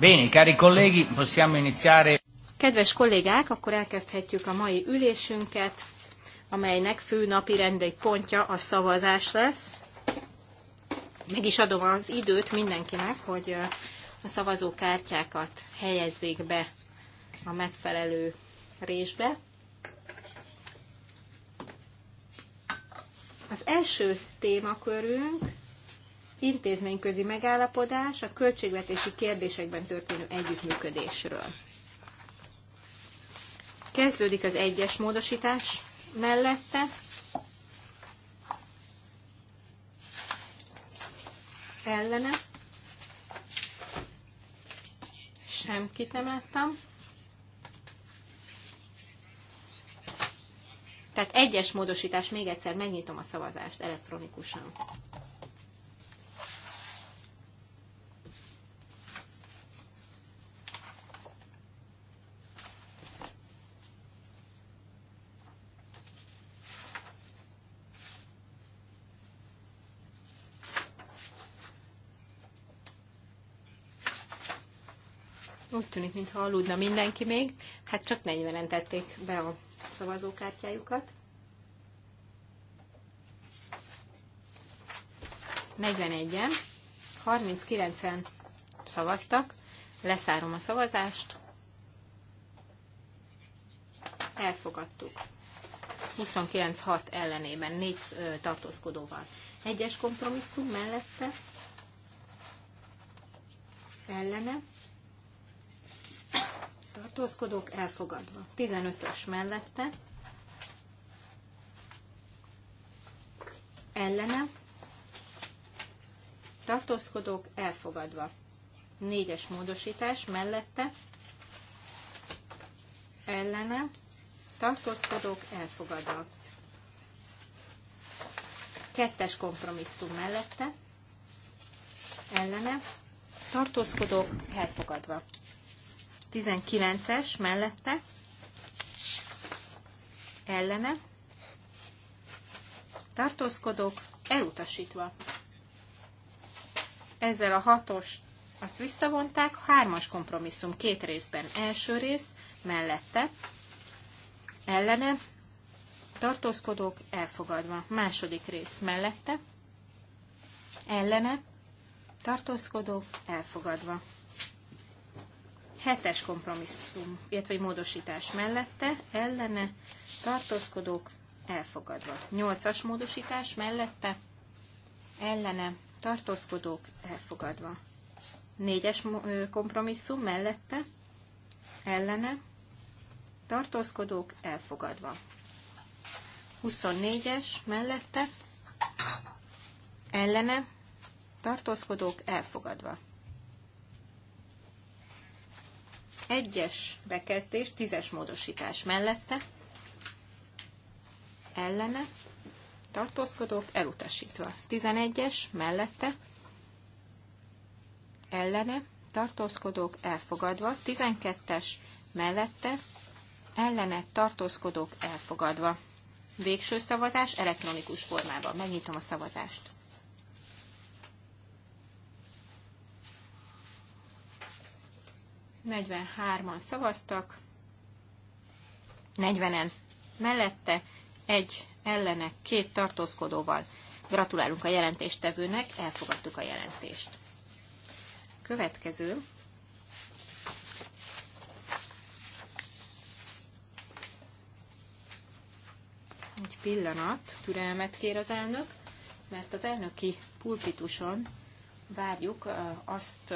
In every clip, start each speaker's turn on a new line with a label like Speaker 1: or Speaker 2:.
Speaker 1: Bene, cari colleghi, possiamo iniziare.
Speaker 2: Kedves kollégák, akkor elkezdhetjük a mai ülésünket, amelynek fő napi rendei pontja a szavazás lesz. Meg is adom az időt mindenkinek, hogy a szavazókártyákat helyezzék be a megfelelő részbe. Az első témakörünk intézményközi megállapodás a költségvetési kérdésekben történő együttműködésről. Kezdődik az egyes módosítás mellette. Ellene. Semkit nem láttam. Tehát egyes módosítás, még egyszer megnyitom a szavazást elektronikusan. úgy tűnik, mintha aludna mindenki még. Hát csak 40-en tették be a szavazókártyájukat. 41-en, 39-en szavaztak, leszárom a szavazást, elfogadtuk. 29-6 ellenében, 4 tartózkodóval. Egyes kompromisszum mellette, ellene, tartózkodók elfogadva. 15-ös mellette ellene tartózkodók elfogadva. 4-es módosítás mellette ellene tartózkodók elfogadva. 2-es kompromisszum mellette ellene tartózkodók elfogadva. 19-es mellette ellene tartózkodók elutasítva. Ezzel a hatos azt visszavonták, hármas kompromisszum két részben. Első rész mellette ellene tartózkodók elfogadva. Második rész mellette ellene tartózkodók elfogadva hetes kompromisszum, illetve egy módosítás mellette, ellene, tartózkodók, elfogadva. Nyolcas módosítás mellette, ellene, tartózkodók, elfogadva. Négyes kompromisszum mellette, ellene, tartózkodók, elfogadva. 24-es mellette, ellene, tartózkodók, elfogadva. egyes bekezdés, tízes módosítás mellette, ellene, tartózkodók elutasítva. 11-es mellette, ellene, tartózkodók elfogadva. 12-es mellette, ellene, tartózkodók elfogadva. Végső szavazás elektronikus formában. Megnyitom a szavazást. 43-an szavaztak, 40-en mellette, egy ellene, két tartózkodóval. Gratulálunk a jelentéstevőnek, elfogadtuk a jelentést. Következő. Egy pillanat, türelmet kér az elnök, mert az elnöki pulpituson várjuk azt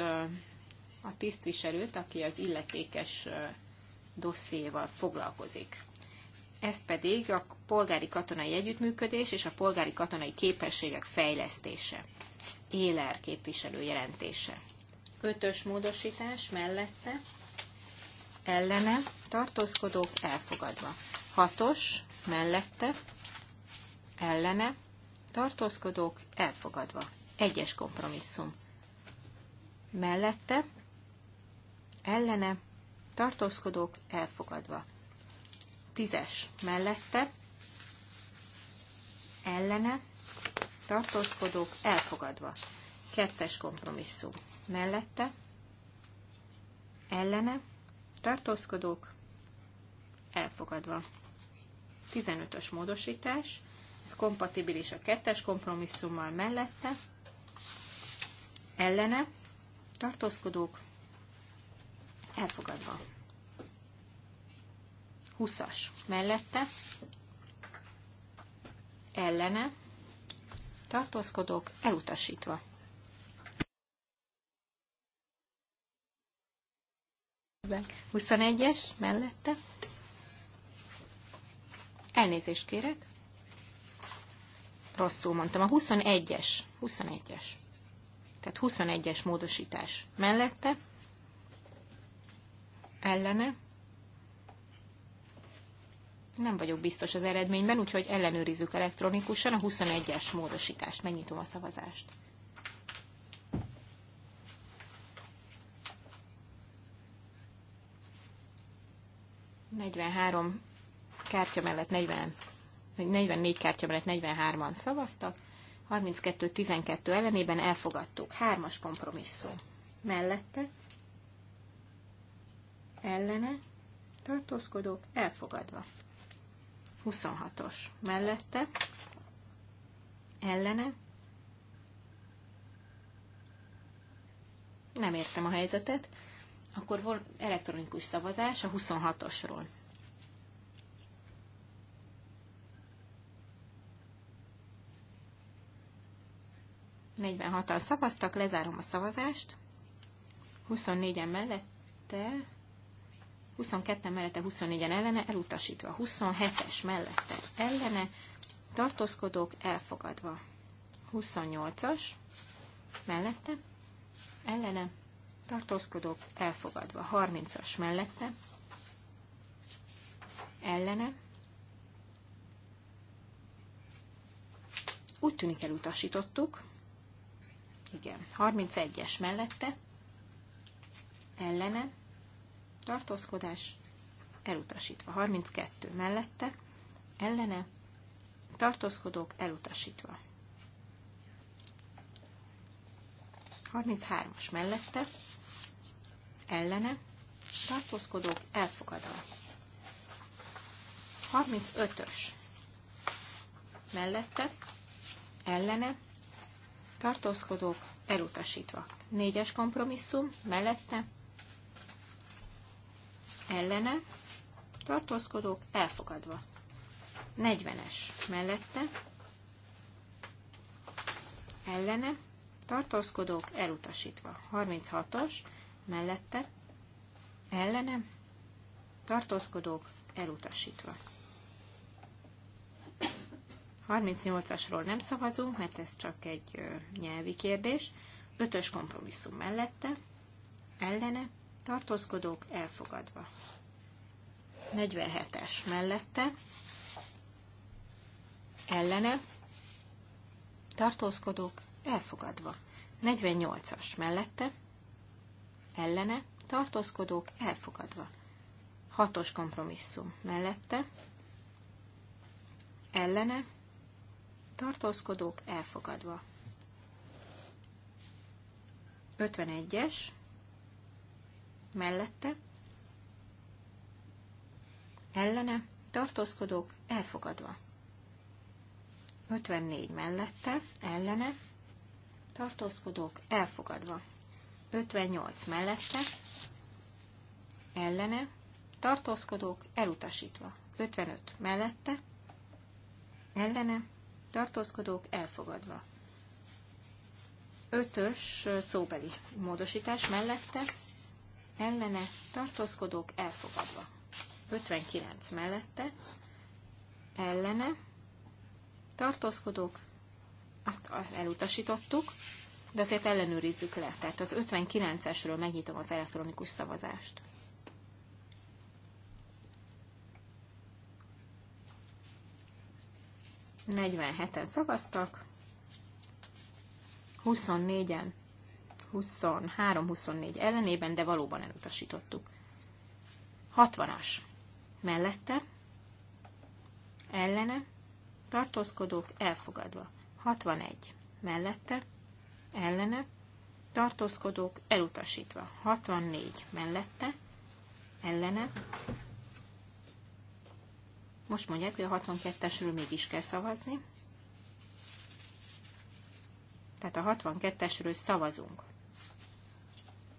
Speaker 2: a tisztviselőt, aki az illetékes dosszéval foglalkozik. Ez pedig a polgári katonai együttműködés és a polgári katonai képességek fejlesztése. Éler képviselő jelentése. Ötös módosítás mellette ellene tartózkodók elfogadva. Hatos mellette ellene tartózkodók elfogadva. Egyes kompromisszum. Mellette ellene, tartózkodók elfogadva. Tízes mellette, ellene, tartózkodók elfogadva. Kettes kompromisszum mellette, ellene, tartózkodók elfogadva. 15-ös módosítás, ez kompatibilis a kettes kompromisszummal mellette, ellene, tartózkodók elfogadva. 20-as mellette, ellene, tartózkodók, elutasítva. Huszonegyes 21-es mellette. Elnézést kérek. Rosszul mondtam. A 21-es. 21-es. Tehát 21-es módosítás mellette ellene. Nem vagyok biztos az eredményben, úgyhogy ellenőrizzük elektronikusan a 21-es módosítást. Megnyitom a szavazást. kártya mellett 40, 44 kártya mellett 43-an szavaztak, 32-12 ellenében elfogadtuk. Hármas kompromisszum mellette ellene, tartózkodók elfogadva. 26-os mellette, ellene, nem értem a helyzetet, akkor volt elektronikus szavazás a 26-osról. Negyvenhatan szavaztak, lezárom a szavazást. 24-en mellette 22 mellette 24-en ellene, elutasítva 27-es mellette ellene, tartózkodók elfogadva 28-as mellette, ellene, tartózkodók elfogadva 30-as mellette, ellene, úgy tűnik elutasítottuk, igen, 31-es mellette, ellene, tartózkodás elutasítva. 32 mellette, ellene, tartózkodók elutasítva. 33-as mellette, ellene, tartózkodók elfogadva. 35-ös mellette, ellene, tartózkodók elutasítva. 4-es kompromisszum mellette, ellene, tartózkodók elfogadva. 40-es mellette, ellene, tartózkodók elutasítva. 36-os mellette, ellene, tartózkodók elutasítva. 38-asról nem szavazunk, mert ez csak egy nyelvi kérdés. 5-ös kompromisszum mellette, ellene, tartózkodók elfogadva. 47-es mellette, ellene, tartózkodók elfogadva. 48-as mellette, ellene, tartózkodók elfogadva. 6-os kompromisszum mellette, ellene, tartózkodók elfogadva. 51-es mellette, ellene, tartózkodók elfogadva. 54 mellette, ellene, tartózkodók elfogadva. 58 mellette, ellene, tartózkodók elutasítva. 55 mellette, ellene, tartózkodók elfogadva. 5-ös szóbeli módosítás mellette, ellene tartózkodók elfogadva. 59 mellette ellene tartózkodók, azt elutasítottuk, de azért ellenőrizzük le. Tehát az 59-esről megnyitom az elektronikus szavazást. Negyvenheten szavaztak, 24-en 23-24 ellenében, de valóban elutasítottuk. 60-as mellette, ellene, tartózkodók elfogadva. 61 mellette, ellene, tartózkodók elutasítva. 64 mellette, ellene. Most mondják, hogy a 62-esről mégis kell szavazni. Tehát a 62-esről szavazunk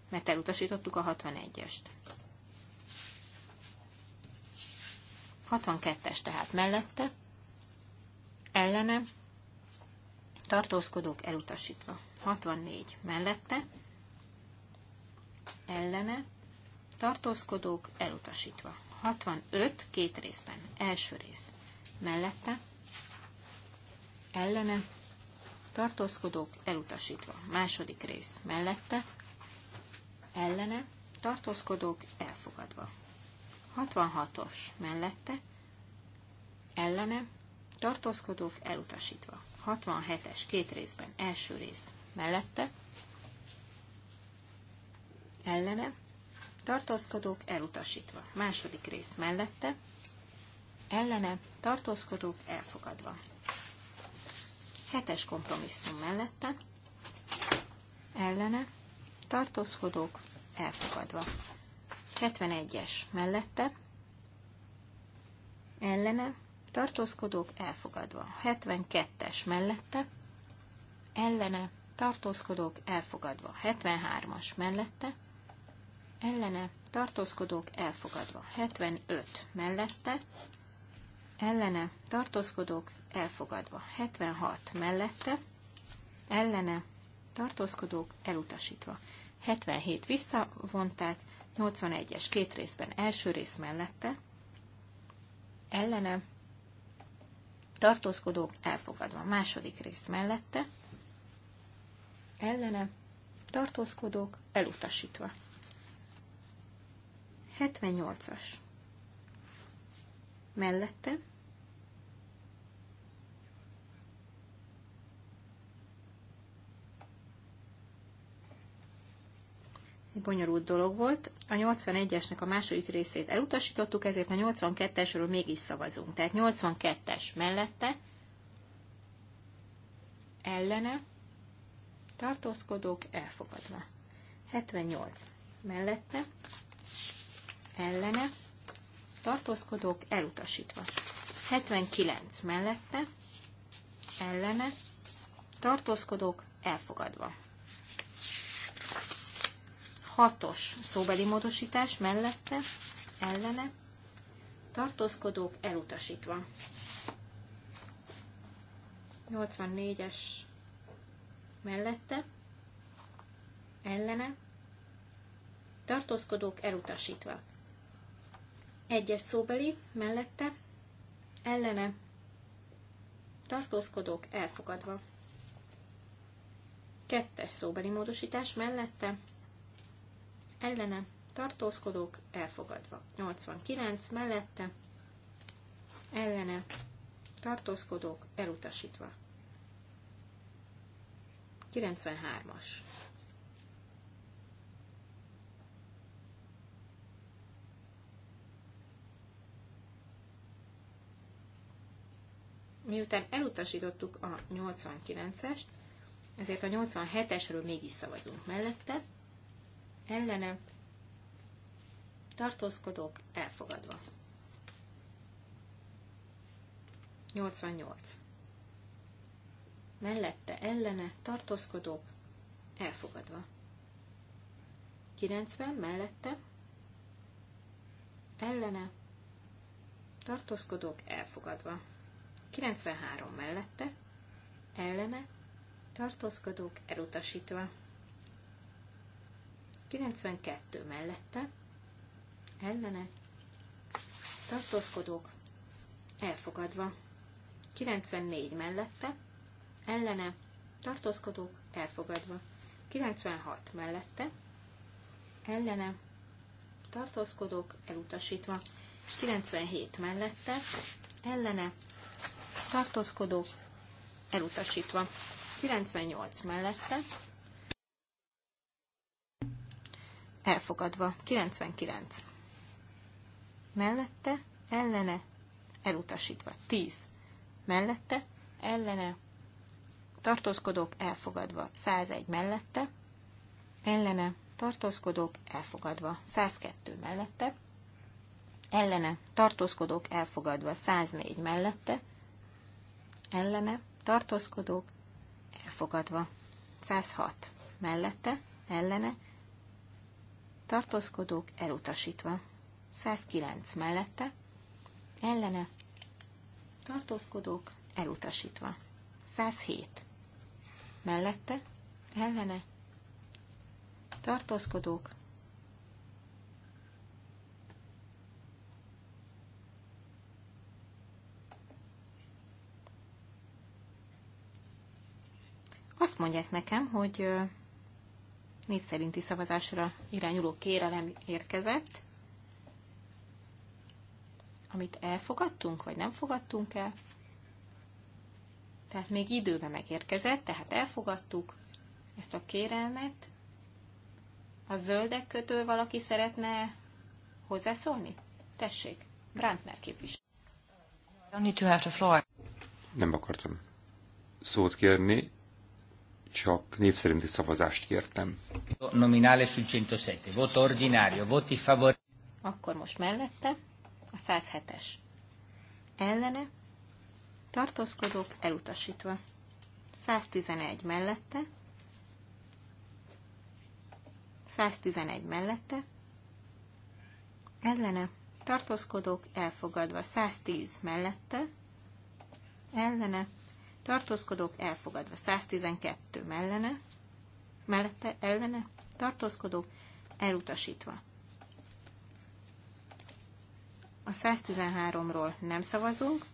Speaker 2: mert elutasítottuk a 61-est. 62-es tehát mellette, ellene, tartózkodók elutasítva. 64 mellette, ellene, tartózkodók elutasítva. 65 két részben, első rész mellette, ellene, tartózkodók elutasítva. Második rész mellette, ellene, tartózkodók elfogadva. 66-os mellette, ellene, tartózkodók elutasítva. 67-es két részben, első rész mellette, ellene, tartózkodók elutasítva. Második rész mellette, ellene, tartózkodók elfogadva. Hetes kompromisszum mellette, ellene, tartózkodók elfogadva. 71-es mellette, ellene, tartózkodók elfogadva. 72-es mellette, ellene, tartózkodók elfogadva. 73-as mellette, ellene, tartózkodók elfogadva. 75 mellette, ellene, tartózkodók elfogadva. 76 mellette, ellene, tartózkodók elutasítva. 77 visszavonták, 81-es két részben első rész mellette, ellene, tartózkodók elfogadva második rész mellette, ellene, tartózkodók elutasítva. 78-as mellette, egy bonyolult dolog volt. A 81-esnek a második részét elutasítottuk, ezért a 82-esről mégis szavazunk. Tehát 82-es mellette, ellene, tartózkodók elfogadva. 78 mellette, ellene, tartózkodók elutasítva. 79 mellette, ellene, tartózkodók elfogadva hatos szóbeli módosítás mellette, ellene, tartózkodók elutasítva. 84-es mellette, ellene, tartózkodók elutasítva. Egyes szóbeli mellette, ellene, tartózkodók elfogadva. Kettes szóbeli módosítás mellette, ellene tartózkodók elfogadva. 89 mellette ellene tartózkodók elutasítva. 93-as. Miután elutasítottuk a 89-est, ezért a 87-esről mégis szavazunk mellette, ellene tartózkodók elfogadva. 88. Mellette ellene tartózkodók elfogadva. 90 mellette ellene tartózkodók elfogadva. 93 mellette ellene tartózkodók elutasítva. 92 mellette, ellene, tartózkodók, elfogadva. 94 mellette, ellene, tartózkodók, elfogadva. 96 mellette, ellene, tartózkodók, elutasítva. 97 mellette, ellene, tartózkodók, elutasítva. 98 mellette, elfogadva. 99. Mellette, ellene, elutasítva. 10. Mellette, ellene, tartózkodók, elfogadva. 101 mellette, ellene, tartózkodók, elfogadva. 102 mellette, ellene, tartózkodók, elfogadva. 104 mellette, ellene, tartózkodók, elfogadva. 106 mellette, ellene, tartózkodók elutasítva. 109 mellette, ellene, tartózkodók elutasítva. 107 mellette, ellene, tartózkodók Azt mondják nekem, hogy név szerinti szavazásra irányuló kérelem érkezett, amit elfogadtunk, vagy nem fogadtunk el. Tehát még időben megérkezett, tehát elfogadtuk ezt a kérelmet. A zöldek kötő valaki szeretne hozzászólni? Tessék, Brandner képviselő.
Speaker 3: Nem akartam szót kérni, csak név szerinti szavazást kértem.
Speaker 1: Nominale sul 107. Voto ordinario. Voti favor.
Speaker 2: Akkor most mellette a 107-es. Ellene. Tartózkodók elutasítva. 111 mellette. 111 mellette. Ellene. Tartózkodók elfogadva. 110 mellette. Ellene tartózkodók elfogadva. 112 mellene, mellette ellene, tartózkodók elutasítva. A 113-ról nem szavazunk,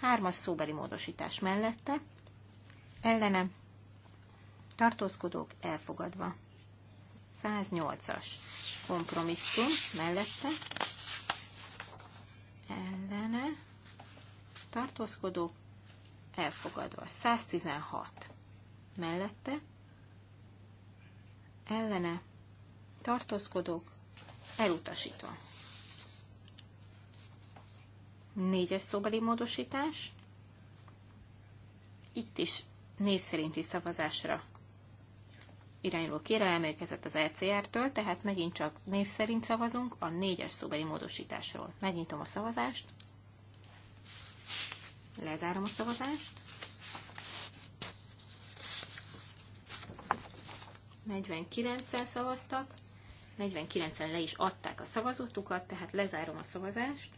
Speaker 2: hármas szóbeli módosítás mellette, ellene, tartózkodók elfogadva. 108-as kompromisszum mellette, ellene, tartózkodók elfogadva. 116 mellette, ellene, tartózkodók, elutasítva. Négyes szóbeli módosítás. Itt is név szerinti szavazásra irányuló kérelem emlékezett az ECR-től, tehát megint csak név szerint szavazunk a négyes szóbeli módosításról. Megnyitom a szavazást. Lezárom a szavazást. 49-en szavaztak, 49-en le is adták a szavazótukat, tehát lezárom a szavazást.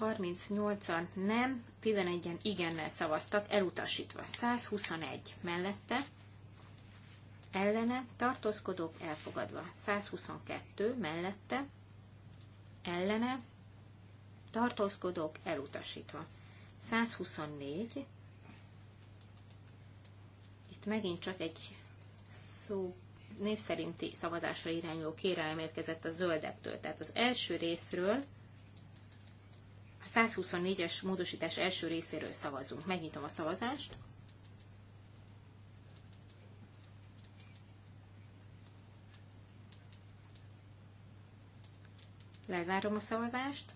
Speaker 2: 38-an nem, 11-en igennel szavaztak, elutasítva 121 mellette, ellene, tartózkodók elfogadva 122 mellette, ellene, tartózkodók elutasítva. 124, itt megint csak egy szó név szerinti szavazásra irányuló kérelem érkezett a zöldektől. Tehát az első részről, a 124-es módosítás első részéről szavazunk. Megnyitom a szavazást. Lezárom a szavazást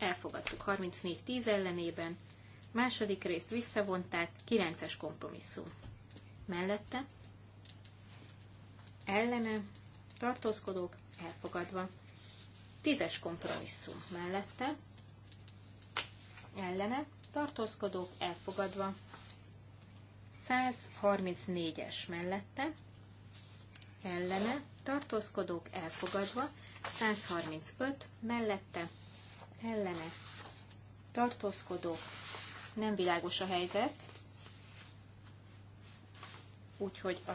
Speaker 2: elfogadtuk 34-10 ellenében, második részt visszavonták, 9-es kompromisszum. Mellette, ellene, tartózkodók, elfogadva, 10-es kompromisszum. Mellette, ellene, tartózkodók, elfogadva, 134-es mellette, ellene, tartózkodók elfogadva, 135 mellette, ellene tartózkodók, nem világos a helyzet, úgyhogy a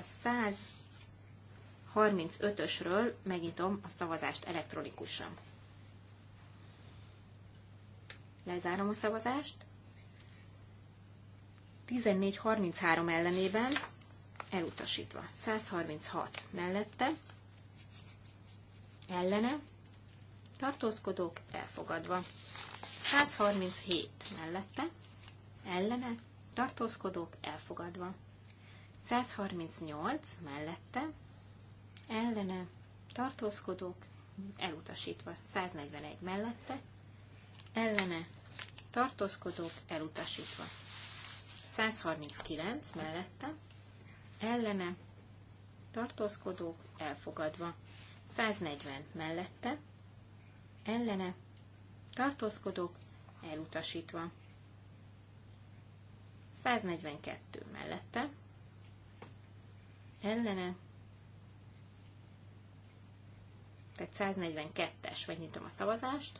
Speaker 2: 135-ösről megnyitom a szavazást elektronikusan. Lezárom a szavazást. 14.33 ellenében elutasítva. 136 mellette, ellene, tartózkodók elfogadva. 137 mellette, ellene, tartózkodók elfogadva. 138 mellette, ellene, tartózkodók elutasítva. 141 mellette, ellene, tartózkodók elutasítva. 139 mellette, ellene, tartózkodók elfogadva. 140 mellette, ellene tartózkodok, elutasítva. 142 mellette ellene tehát 142-es, vagy nyitom a szavazást.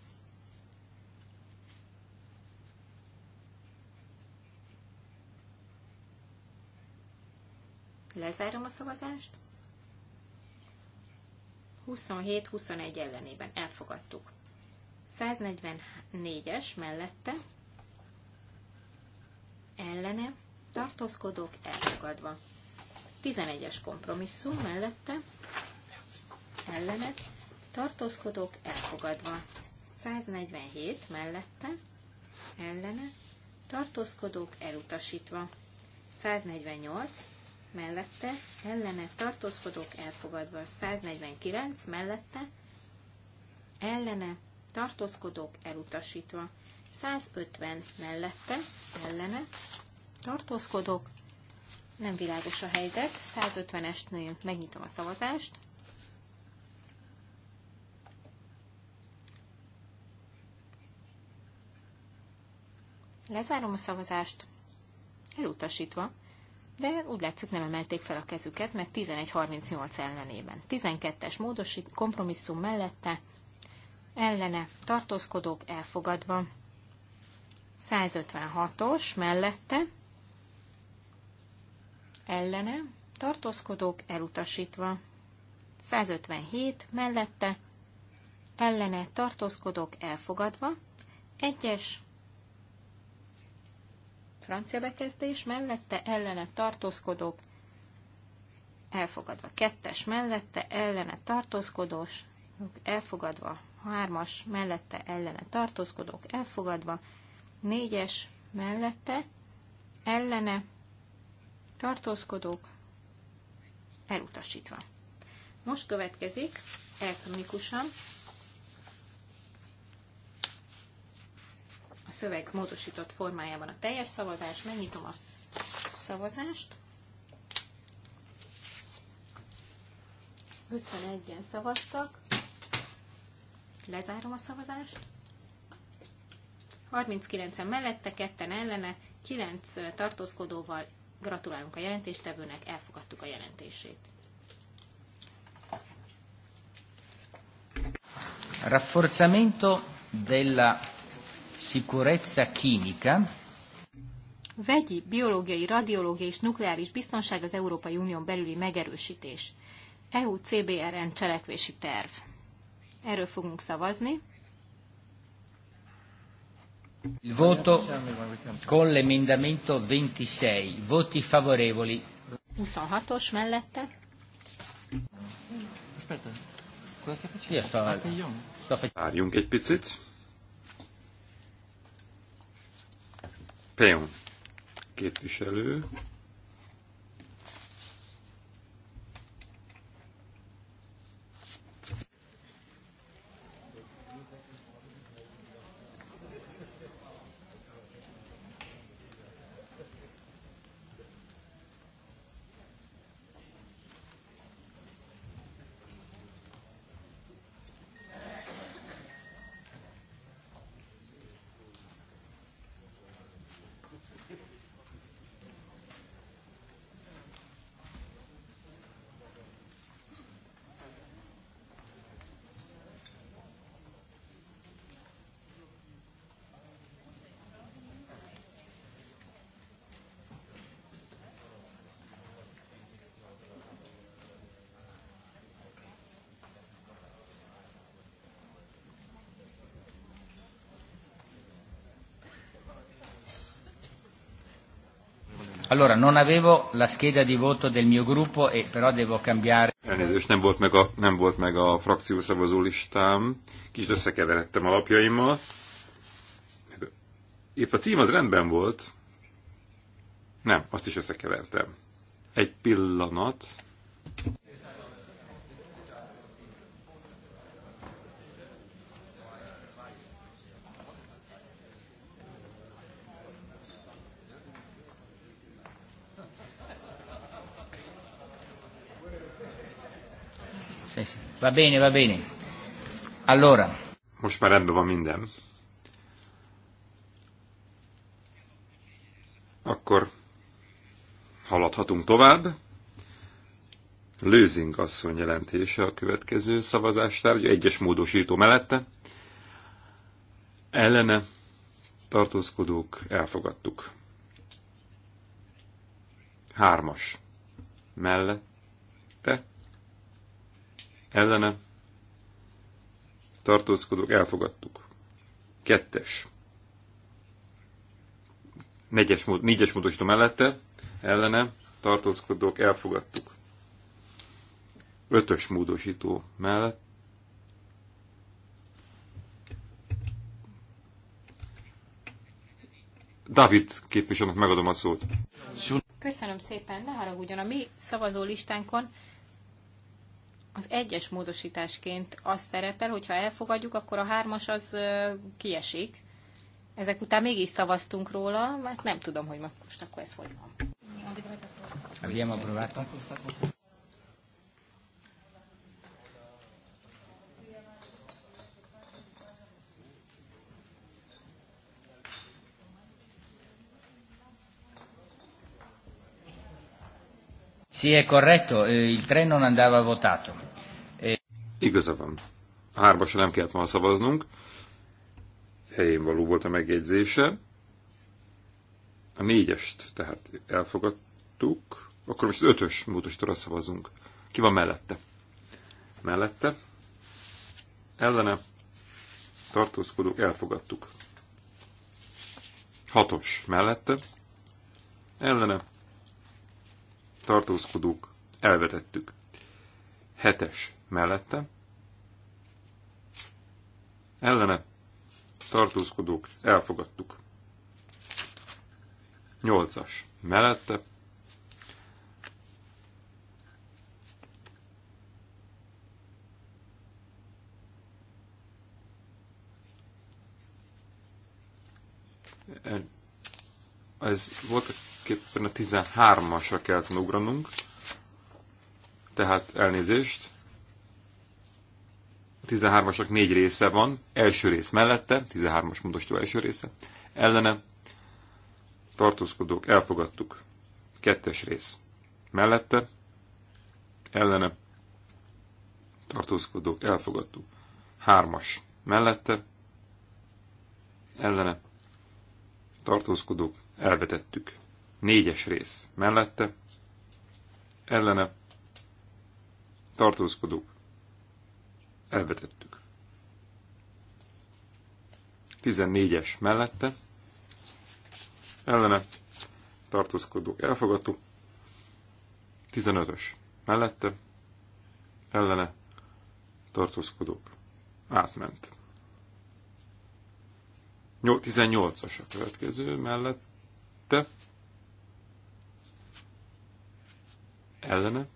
Speaker 2: Lezárom a szavazást. 27-21 ellenében elfogadtuk. 144-es mellette ellene tartózkodók elfogadva. 11-es kompromisszum mellette ellene tartózkodók elfogadva. 147 mellette ellene tartózkodók elutasítva. 148 mellette ellene tartózkodók elfogadva. 149 mellette ellene tartózkodók elutasítva. 150 mellette, ellene, tartózkodók, nem világos a helyzet, 150-esnél megnyitom a szavazást, Lezárom a szavazást, elutasítva, de úgy látszik nem emelték fel a kezüket, mert 11.38 ellenében. 12-es módosít, kompromisszum mellette ellene tartózkodók elfogadva. 156-os mellette ellene tartózkodók elutasítva. 157 mellette ellene tartózkodók elfogadva. 1-es francia bekezdés mellette ellene tartózkodók elfogadva. 2-es mellette ellene tartózkodós elfogadva hármas mellette ellene tartózkodók elfogadva, négyes mellette ellene tartózkodók elutasítva. Most következik elektronikusan a szöveg módosított formájában a teljes szavazás. Megnyitom a szavazást. 51-en szavaztak, Lezárom a szavazást. 39-en mellette, ketten ellene, 9 tartózkodóval gratulálunk a jelentéstevőnek, elfogadtuk a jelentését.
Speaker 1: Rafforzamento della sicurezza chimica.
Speaker 2: Vegyi, biológiai, radiológiai és nukleáris biztonság az Európai Unión belüli megerősítés. EU-CBRN cselekvési terv. Erről fogunk szavazni.
Speaker 1: Il voto con l'emendamento 26. Voti favorevoli.
Speaker 2: 26-os mellette.
Speaker 3: Várjunk ah, egy picit. Péon, képviselő.
Speaker 1: Allora, non avevo la scheda di voto del mio gruppo, e però devo cambiare.
Speaker 3: Elnézést, nem volt meg a, nem volt meg a frakció szavazó listám. Kicsit összekeveredtem alapjaimmal. Épp a cím az rendben volt. Nem, azt is összekevertem. Egy pillanat.
Speaker 1: Sì, sì. Va bene, va bene.
Speaker 3: Allora. Most már rendben van minden. Akkor haladhatunk tovább. Lőzing asszony jelentése a következő hogy egyes módosító mellette. Ellene tartózkodók elfogadtuk. Hármas. Mellette ellene tartózkodók elfogadtuk. Kettes. Negyes, négyes módosító mellette ellene tartózkodók elfogadtuk. Ötös módosító mellett David képviselőnek megadom a szót.
Speaker 2: Köszönöm szépen, ne haragudjon, a mi szavazó listánkon az egyes módosításként az szerepel, hogyha elfogadjuk, akkor a hármas az kiesik. Ezek után mégis szavaztunk róla, mert hát nem tudom, hogy most akkor ez hogy van. Hát
Speaker 1: Abbiamo approvato. Sì, è corretto, eh, il 3 non andava votato. Eh,
Speaker 3: Igaza van. se nem kellett volna szavaznunk. Helyén való volt a megjegyzése. A négyest, tehát elfogadtuk. Akkor most az ötös módosítóra szavazunk. Ki van mellette? Mellette. Ellene. Tartózkodók, elfogadtuk. Hatos mellette. Ellene tartózkodók, elvetettük. Hetes mellette, ellene, tartózkodók, elfogadtuk. Nyolcas mellette, ez volt, éppen a 13-asra kellett ugranunk, tehát elnézést. A 13-asnak négy része van, első rész mellette, 13-as módosító első része, ellene tartózkodók elfogadtuk, kettes rész mellette, ellene tartózkodók elfogadtuk, hármas mellette, ellene tartózkodók elvetettük. Négyes rész mellette, ellene, tartózkodók, elvetettük. Tizennégyes mellette, ellene, tartózkodók, elfogadtuk. Tizenötös mellette, ellene, tartózkodók, átment. 18-as a következő mellett, mellette, ellene,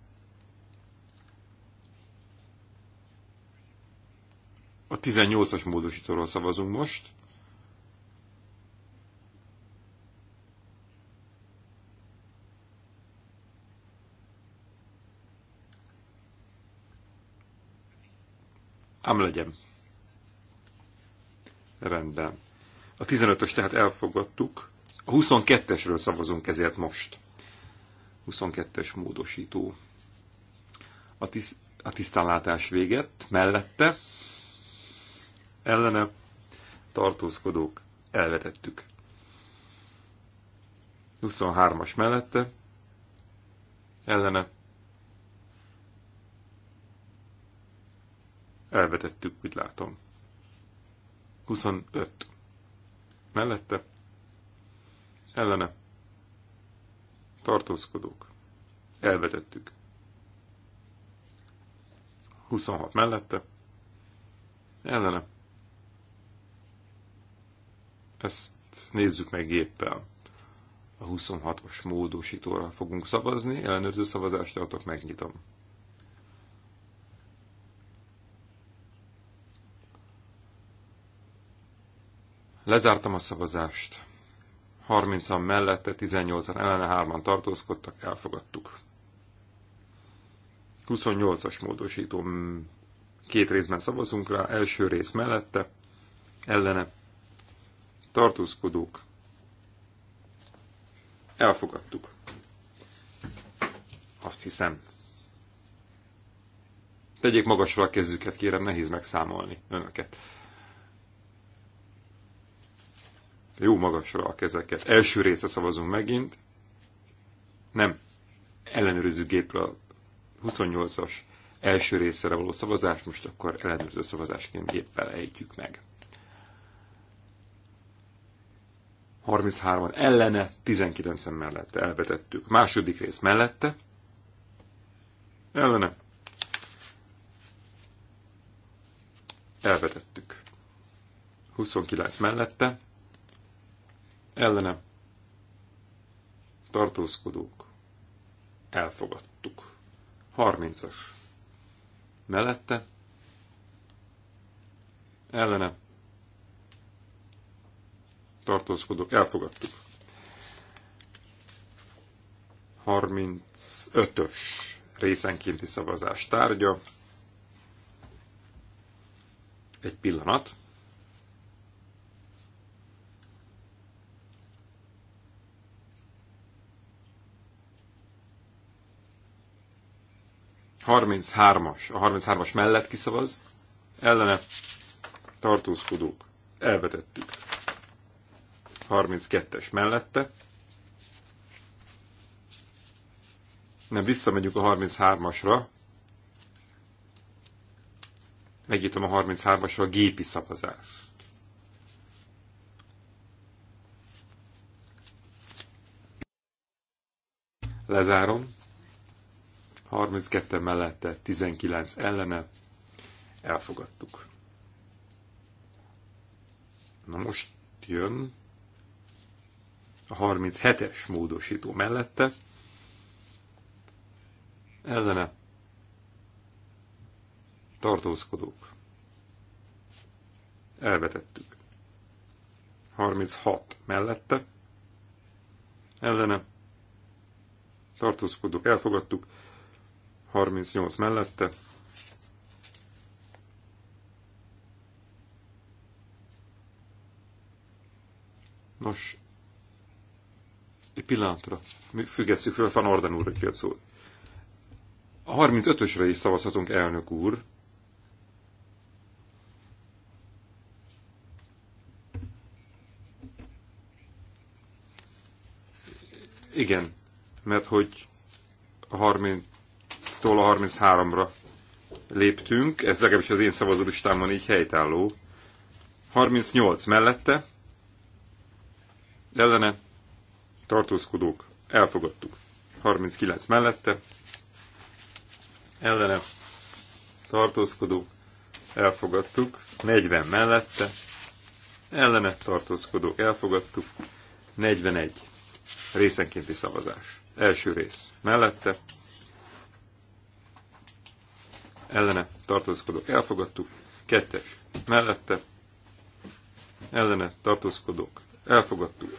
Speaker 3: a 18-as módosítóról szavazunk most, Ám legyen. Rendben. A 15-ös tehát elfogadtuk, a 22-esről szavazunk ezért most. 22-es módosító. A, tiszt, a tisztánlátás véget mellette ellene tartózkodók elvetettük. 23-as mellette ellene elvetettük, úgy látom. 25 mellette ellene tartózkodók elvetettük. 26 mellette ellene ezt nézzük meg géppel. A 26-os módosítóra fogunk szavazni, ellenőrző szavazást adok, megnyitom. Lezártam a szavazást. 30-an mellette, 18-an ellene, 3-an tartózkodtak, elfogadtuk. 28-as módosító két részben szavazunk rá, első rész mellette, ellene, tartózkodók, elfogadtuk. Azt hiszem. Tegyék magasra a kezüket, kérem, nehéz megszámolni önöket. Jó magasra a kezeket. Első része szavazunk megint. Nem. Ellenőrizzük gépről. a 28-as első részre való szavazás, most akkor ellenőrző szavazásként géppel ejtjük meg. 33-an ellene, 19-en mellette elvetettük. Második rész mellette, ellene, elvetettük. 29 mellette, ellene tartózkodók elfogadtuk. 30-as mellette ellene tartózkodók elfogadtuk. 35-ös részenkénti szavazás tárgya. Egy pillanat. 33-as, a 33-as mellett kiszavaz, ellene tartózkodók, elvetettük. 32-es mellette. Nem, visszamegyünk a 33-asra. Megnyitom a 33-asra a gépi szavazást. Lezárom. 32 mellette, 19 ellene. Elfogadtuk. Na most jön a 37-es módosító mellette. Ellene tartózkodók. Elvetettük. 36 mellette. Ellene tartózkodók. Elfogadtuk. 38 mellette. Nos, egy pillanatra függesszük fel, Van Orden úr hogy szól. A 35-ösre is szavazhatunk, elnök úr. Igen, mert hogy a 30 30-tól a 33-ra léptünk, ez legalábbis az én szavazólistámon így helytálló. 38 mellette, ellene tartózkodók, elfogadtuk. 39 mellette, ellene tartózkodók, elfogadtuk. 40 mellette, ellene tartózkodók, elfogadtuk. 41 részenkénti szavazás. Első rész mellette, ellene tartózkodók elfogadtuk, kettes mellette ellene tartózkodók elfogadtuk,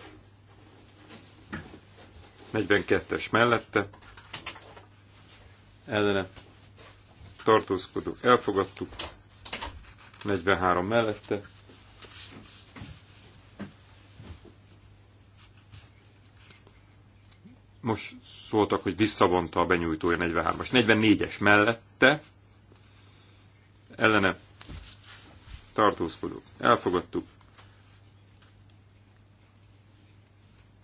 Speaker 3: 42-es mellette ellene tartózkodók elfogadtuk, 43 mellette most szóltak, hogy visszavonta a benyújtója 43-as. 44-es mellette ellene tartózkodók. Elfogadtuk.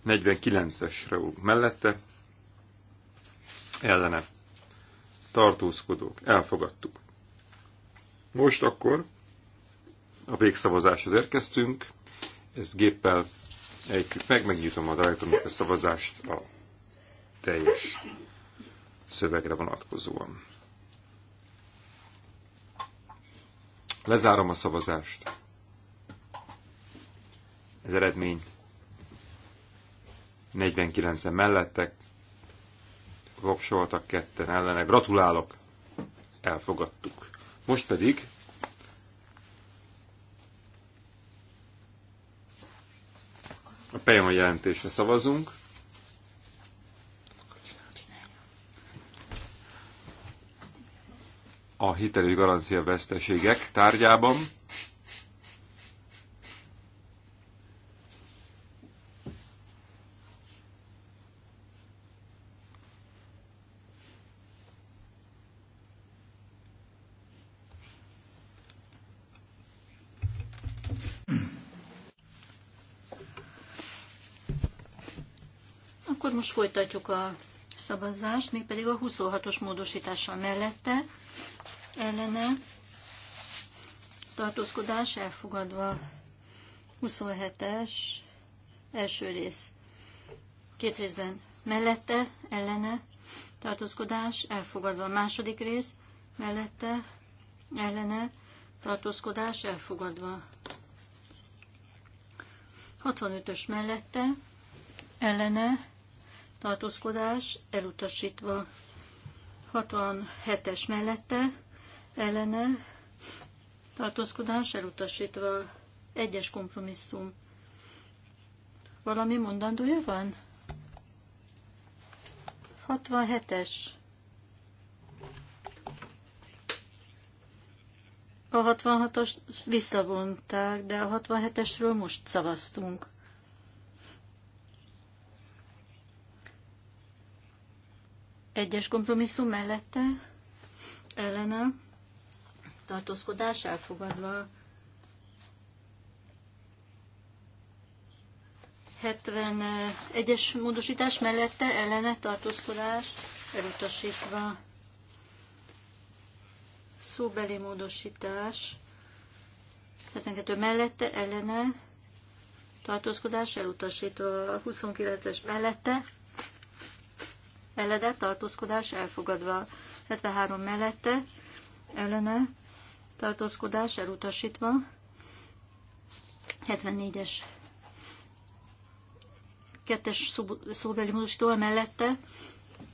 Speaker 3: 49-esre mellette ellene tartózkodók. Elfogadtuk. Most akkor a végszavazáshoz érkeztünk. Ezt géppel ejtjük meg, megnyitom a elektronikus szavazást a teljes szövegre vonatkozóan. Lezárom a szavazást. Ez eredmény. 49-en mellettek, voksoltak ketten ellene. Gratulálok! Elfogadtuk. Most pedig a Pejma jelentésre szavazunk. a és garancia veszteségek tárgyában.
Speaker 4: Akkor most folytatjuk a szavazást, mégpedig a 26-os módosítással mellette ellene tartózkodás elfogadva. 27-es első rész. Két részben mellette, ellene tartózkodás elfogadva. Második rész mellette, ellene tartózkodás elfogadva. 65-ös mellette, ellene tartózkodás elutasítva. 67-es mellette, ellene tartózkodás elutasítva egyes kompromisszum. Valami mondandója van? 67-es. A 66-as visszavonták, de a 67-esről most szavaztunk. Egyes kompromisszum mellette, ellene tartózkodás elfogadva. 71-es eh, módosítás mellette ellene tartózkodás elutasítva. Szóbeli módosítás 72 mellette ellene tartózkodás elutasítva. 29-es mellette ellene tartózkodás elfogadva. 73 mellette ellene tartózkodás elutasítva, 74-es kettes szóbeli módosító mellette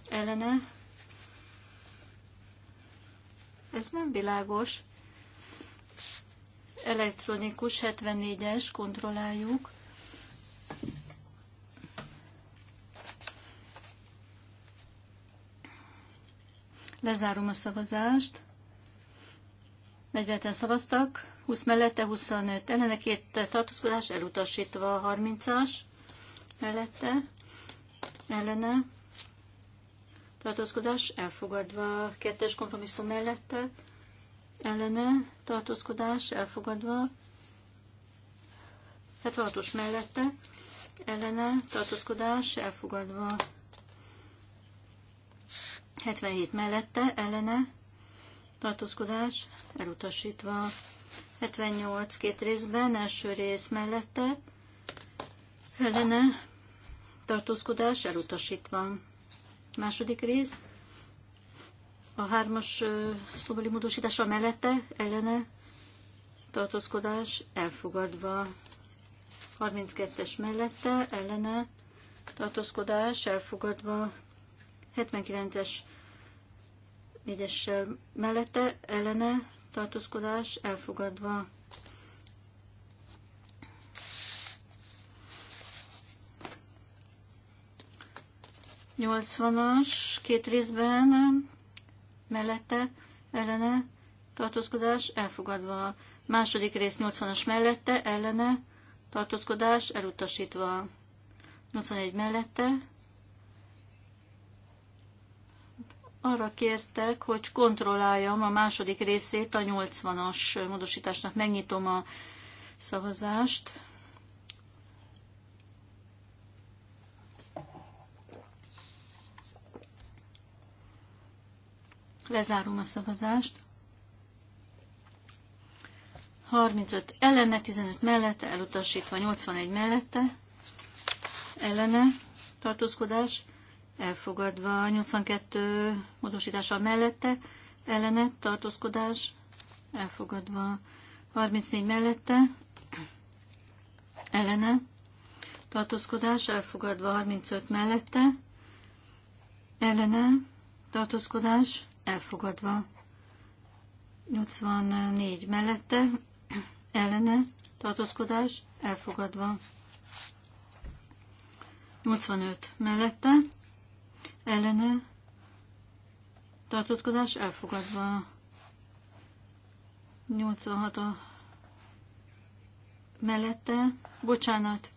Speaker 4: ellene. Ez nem világos. Elektronikus 74-es, kontrolláljuk. Lezárom a szavazást. 40-en szavaztak, 20 mellette, 25 ellene, két tartózkodás, elutasítva a 30-as mellette, ellene, tartózkodás, elfogadva, kettes kompromisszum mellette, ellene, tartózkodás, elfogadva, 76-os mellette, ellene, tartózkodás, elfogadva, 77 mellette, ellene, tartózkodás elutasítva. 78 két részben, első rész mellette, ellene tartózkodás elutasítva. Második rész, a hármas szobali módosítása mellette, ellene tartózkodás elfogadva. 32-es mellette, ellene tartózkodás elfogadva. 79-es négyessel mellette ellene tartózkodás elfogadva. Nyolcvanas, két részben mellette ellene tartózkodás elfogadva. Második rész nyolcvanas mellette ellene tartózkodás elutasítva. 81 mellette arra kértek, hogy kontrolláljam a második részét a 80-as módosításnak. Megnyitom a szavazást. Lezárom a szavazást. 35 ellene, 15 mellette, elutasítva 81 mellette, ellene tartózkodás elfogadva, 82 módosítása mellette, ellene tartózkodás, elfogadva, 34 mellette, ellene tartózkodás, elfogadva, 35 mellette, ellene tartózkodás, elfogadva, 84 mellette, ellene tartózkodás, elfogadva, 85 mellette, ellene tartózkodás elfogadva. 86 a mellette, bocsánat,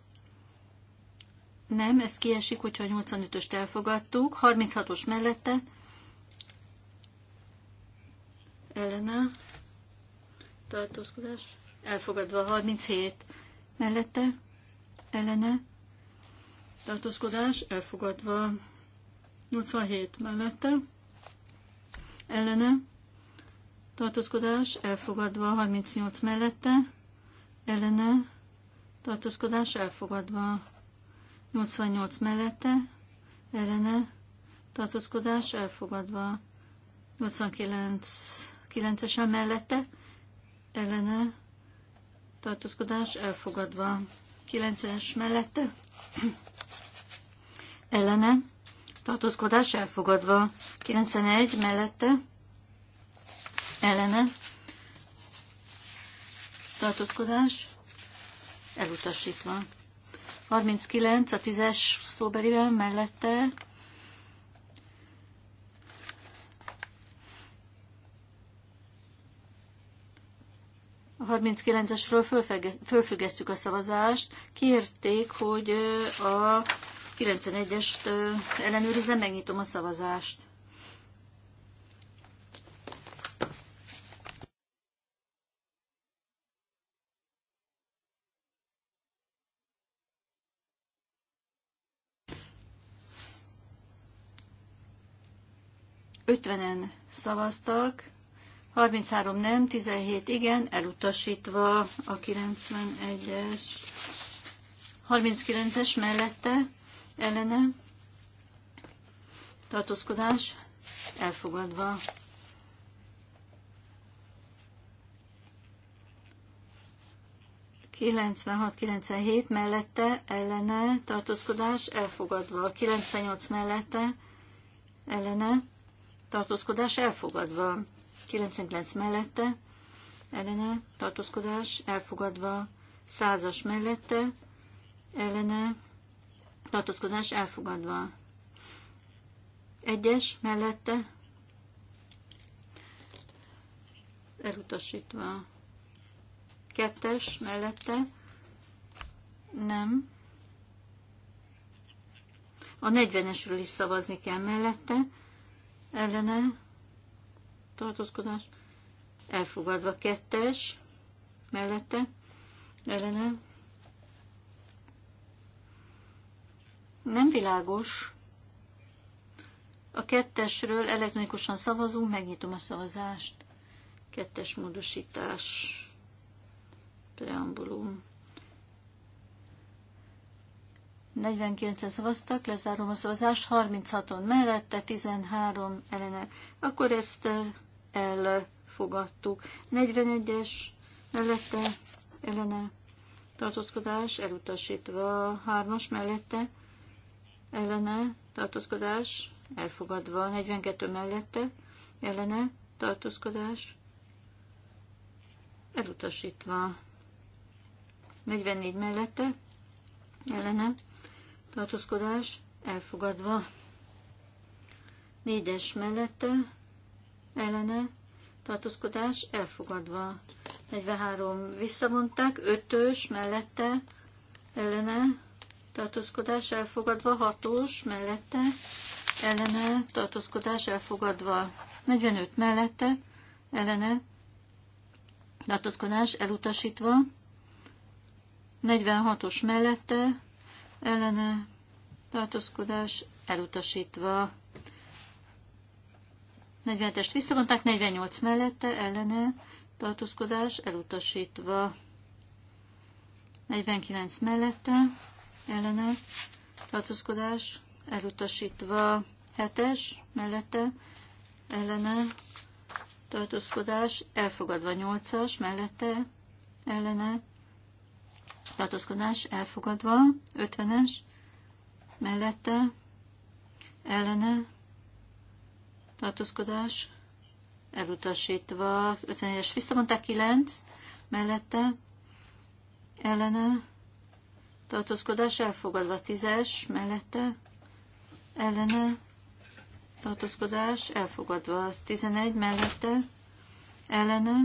Speaker 4: nem, ez kiesik, hogyha 85-öst elfogadtuk, 36-os mellette, ellene, tartózkodás, elfogadva, 37 mellette, ellene, tartózkodás, elfogadva, 87 mellette, ellene, tartózkodás elfogadva, 38 mellette, ellene, tartózkodás elfogadva, 88 mellette, ellene, tartózkodás elfogadva, 89 9-esen mellette, ellene, tartózkodás elfogadva, 9-es mellette, ellene, tartózkodás elfogadva. 91 mellette ellene tartózkodás elutasítva. 39 a 10-es szóberivel mellette A 39-esről fölfüggesztjük a szavazást. Kérték, hogy a 91-est ellenőrizem, megnyitom a szavazást. Ötvenen szavaztak, 33 nem, 17 igen, elutasítva a 91-es, 39-es mellette ellene tartózkodás elfogadva. ...96-97 mellette ellene tartózkodás elfogadva, 98 mellette ellene tartózkodás elfogadva, 99 mellette ellene tartózkodás elfogadva, 100-as mellette ellene tartózkodás elfogadva. Egyes mellette elutasítva. Kettes mellette nem. A 40-esről is szavazni kell mellette, ellene tartózkodás, elfogadva kettes mellette, ellene Nem világos. A kettesről elektronikusan szavazunk, megnyitom a szavazást. Kettes módosítás. Preambulum. 49-en szavaztak, lezárom a szavazást, 36-on mellette, 13 ellene. Akkor ezt eh, elfogadtuk. 41-es mellette, ellene tartózkodás, elutasítva 3-as mellette, ellene tartózkodás elfogadva, 42 mellette ellene tartózkodás elutasítva, 44 mellette ellene tartózkodás elfogadva, 4-es mellette ellene tartózkodás elfogadva, 43 visszavonták, 5-ös mellette ellene tartózkodás elfogadva, hatós mellette, ellene, tartózkodás elfogadva, 45 mellette, ellene, tartózkodás elutasítva, 46-os mellette, ellene, tartózkodás elutasítva, 47-est visszavonták, 48 mellette, ellene, tartózkodás elutasítva, 49 mellette, ellene tartózkodás elutasítva. hetes mellette ellene tartózkodás elfogadva. nyolcas mellette ellene tartózkodás elfogadva. ötvenes mellette ellene tartózkodás elutasítva. ötvenes, es visszamondták mellette ellene tartózkodás elfogadva. tízes mellette ellene tartózkodás elfogadva. tizenegy mellette ellene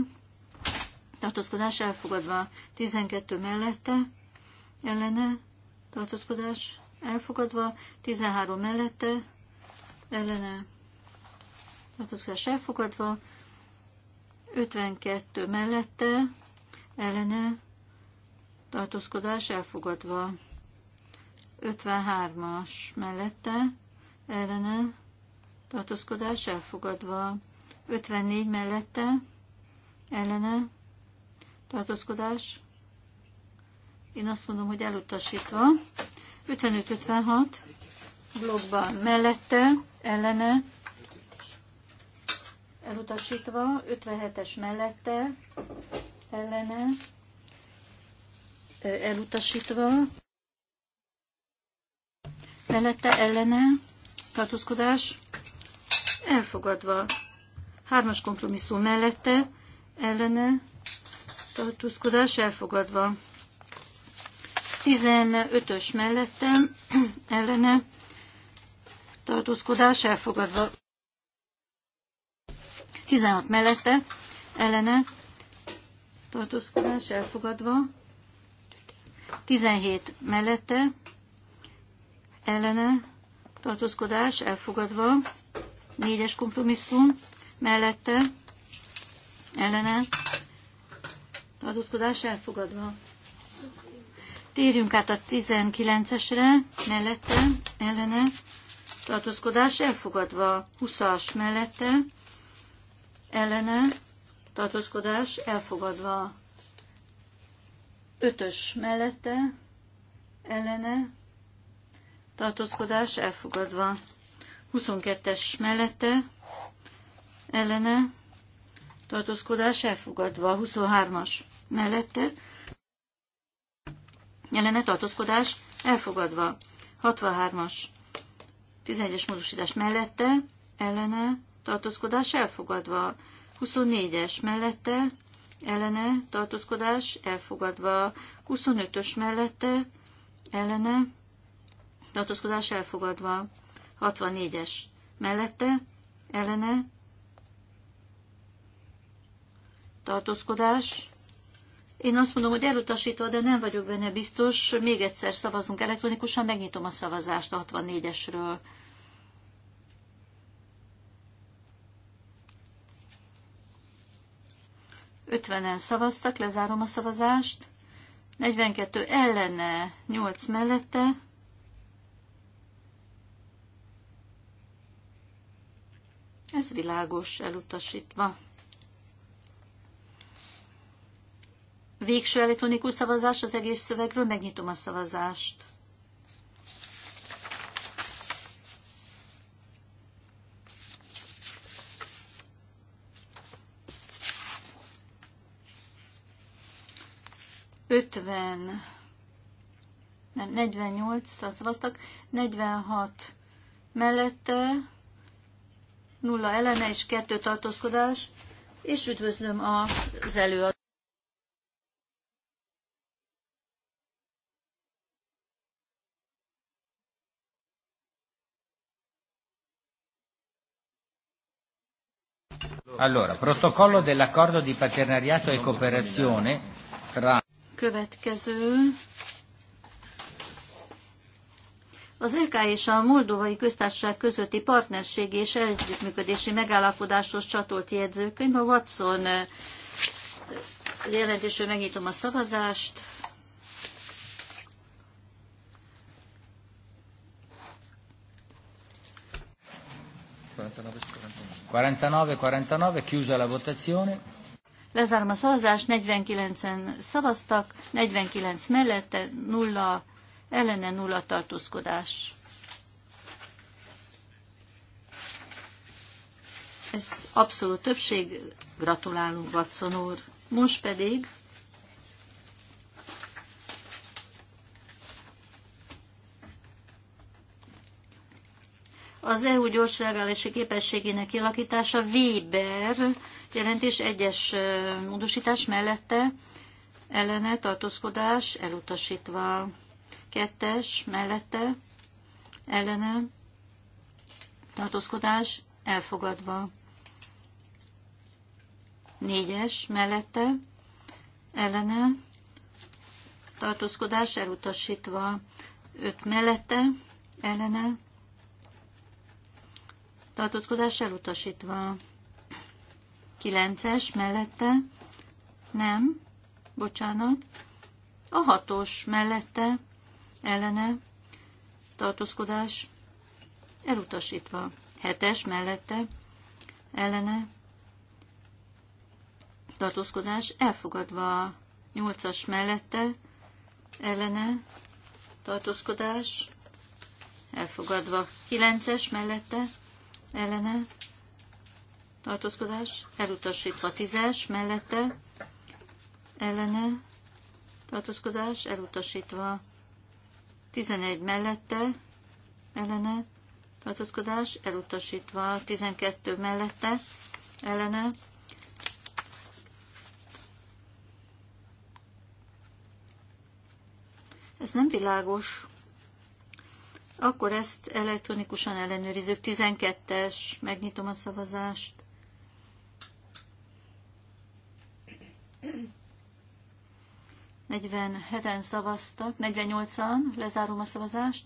Speaker 4: tartózkodás elfogadva. tizenkettő mellette ellene tartózkodás elfogadva. tizenhárom mellette ellene tartózkodás elfogadva. 52 mellette ellene tartózkodás elfogadva. 53-as mellette ellene tartózkodás elfogadva. 54 mellette ellene tartózkodás. Én azt mondom, hogy elutasítva. 55-56 blogban mellette ellene elutasítva, 57-es mellette ellene elutasítva, mellette ellene tartózkodás elfogadva, hármas kompromisszum mellette ellene tartózkodás elfogadva. 15-ös mellette ellene tartózkodás elfogadva. 16 mellette ellene tartózkodás elfogadva. 17 mellette ellene tartózkodás elfogadva, négyes kompromisszum mellette ellene tartózkodás elfogadva. Térjünk át a 19-esre, mellette, ellene, tartózkodás elfogadva, 20-as mellette, ellene, tartózkodás elfogadva, Ötös mellette, ellene, tartózkodás elfogadva. 22-es mellette, ellene, tartózkodás elfogadva. 23-as mellette, ellene, tartózkodás elfogadva. 63-as, 11-es módosítás mellette, ellene, tartózkodás elfogadva. 24-es mellette, ellene tartózkodás elfogadva, 25-ös mellette ellene tartózkodás elfogadva, 64-es mellette ellene tartózkodás. Én azt mondom, hogy elutasítva, de nem vagyok benne biztos. Még egyszer szavazunk elektronikusan, megnyitom a szavazást 64-esről. 50-en szavaztak, lezárom a szavazást. 42 ellene, 8 mellette. Ez világos elutasítva. Végső elektronikus szavazás az egész szövegről, megnyitom a szavazást. 50, nem, 48 szavaztak, 46 mellette, nulla ellene és kettő tartózkodás, és üdvözlöm az
Speaker 1: előadást. Allora, protocollo dell'accordo di partenariato e cooperazione tra
Speaker 4: Következő. Az EK és a Moldovai Köztársaság közötti partnerségi és együttműködési megállapodáshoz csatolt jegyzőkönyv. A Watson eh, jelentésről megnyitom a szavazást.
Speaker 1: Quarantanove, quarantanove, chiusa la votazione.
Speaker 4: Lezárom a szavazást, 49-en szavaztak, 49 mellette, 0 ellene, 0 tartózkodás. Ez abszolút többség. Gratulálunk, Watson úr. Most pedig az EU gyors reagálási képességének kialakítása Weber jelentés egyes módosítás mellette ellene tartózkodás elutasítva. Kettes mellette ellene tartózkodás elfogadva. Négyes mellette ellene tartózkodás elutasítva. Öt mellette ellene tartózkodás elutasítva. 9-es mellette, nem, bocsánat, a 6-os mellette, ellene, tartózkodás, elutasítva. 7-es mellette, ellene, tartózkodás, elfogadva. 8-as mellette, ellene, tartózkodás, elfogadva. 9-es mellette, ellene, tartózkodás elutasítva. Tízes mellette ellene tartózkodás elutasítva. Tizenegy mellette ellene tartózkodás elutasítva. Tizenkettő mellette ellene Ez nem világos. Akkor ezt elektronikusan ellenőrizzük. 12-es, megnyitom a szavazást. 47-en szavaztak, 48-an, lezárom a szavazást.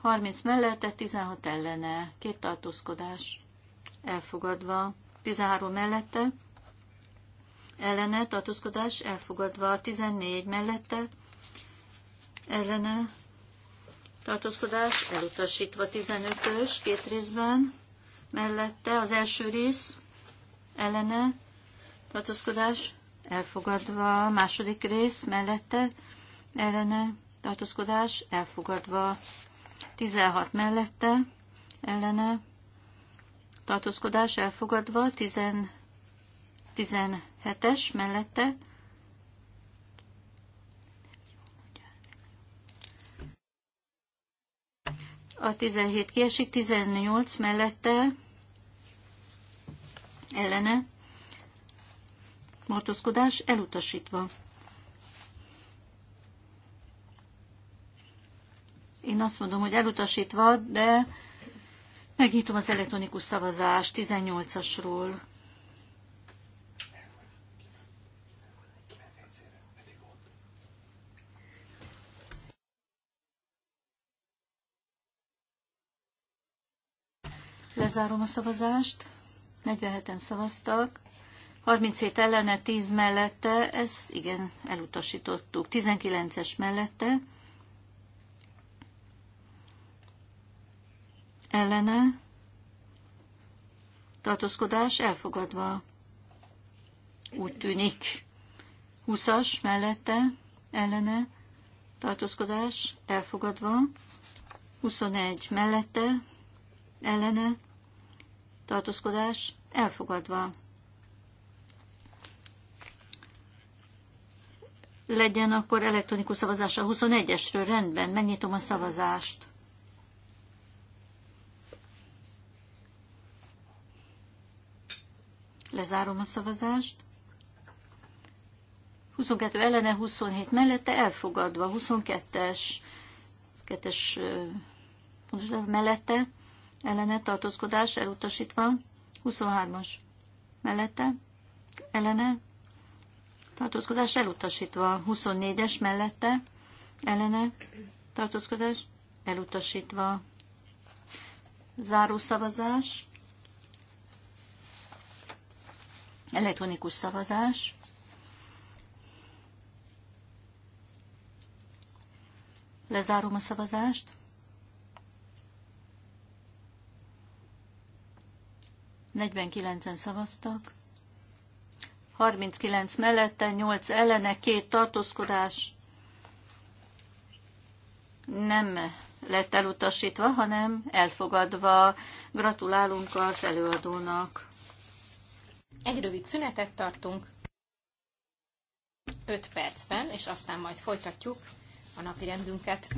Speaker 4: 30 mellette, 16 ellene, két tartózkodás elfogadva. 13 mellette, ellene, tartózkodás elfogadva. 14 mellette, ellene, tartózkodás elutasítva. 15-ös, két részben, mellette, az első rész, ellene, tartózkodás elfogadva, második rész mellette ellene tartózkodás elfogadva, 16 mellette ellene tartózkodás elfogadva, 17-es mellette a 17 kiesik, 18 mellette ellene tartózkodás elutasítva. Én azt mondom, hogy elutasítva, de megnyitom az elektronikus szavazást 18-asról. Lezárom a szavazást. 47-en szavaztak. 37 ellene, 10 mellette, ez igen, elutasítottuk. 19-es mellette, ellene, tartózkodás elfogadva. Úgy tűnik. 20-as mellette, ellene, tartózkodás elfogadva. 21 mellette, ellene, tartózkodás elfogadva. legyen akkor elektronikus szavazás a 21-esről. Rendben, megnyitom a szavazást. Lezárom a szavazást. 22 ellene, 27 mellette, elfogadva. 22-es, 2-es mellette, ellene, tartózkodás, elutasítva. 23-as mellette, ellene, tartózkodás elutasítva. 24-es mellette ellene tartózkodás elutasítva. Záró szavazás. Elektronikus szavazás. Lezárom a szavazást. Negyvenkilencen szavaztak. 39 mellette, 8 ellene, két tartózkodás nem lett elutasítva, hanem elfogadva. Gratulálunk az előadónak.
Speaker 2: Egy rövid szünetet tartunk, 5 percben, és aztán majd folytatjuk a napi rendünket.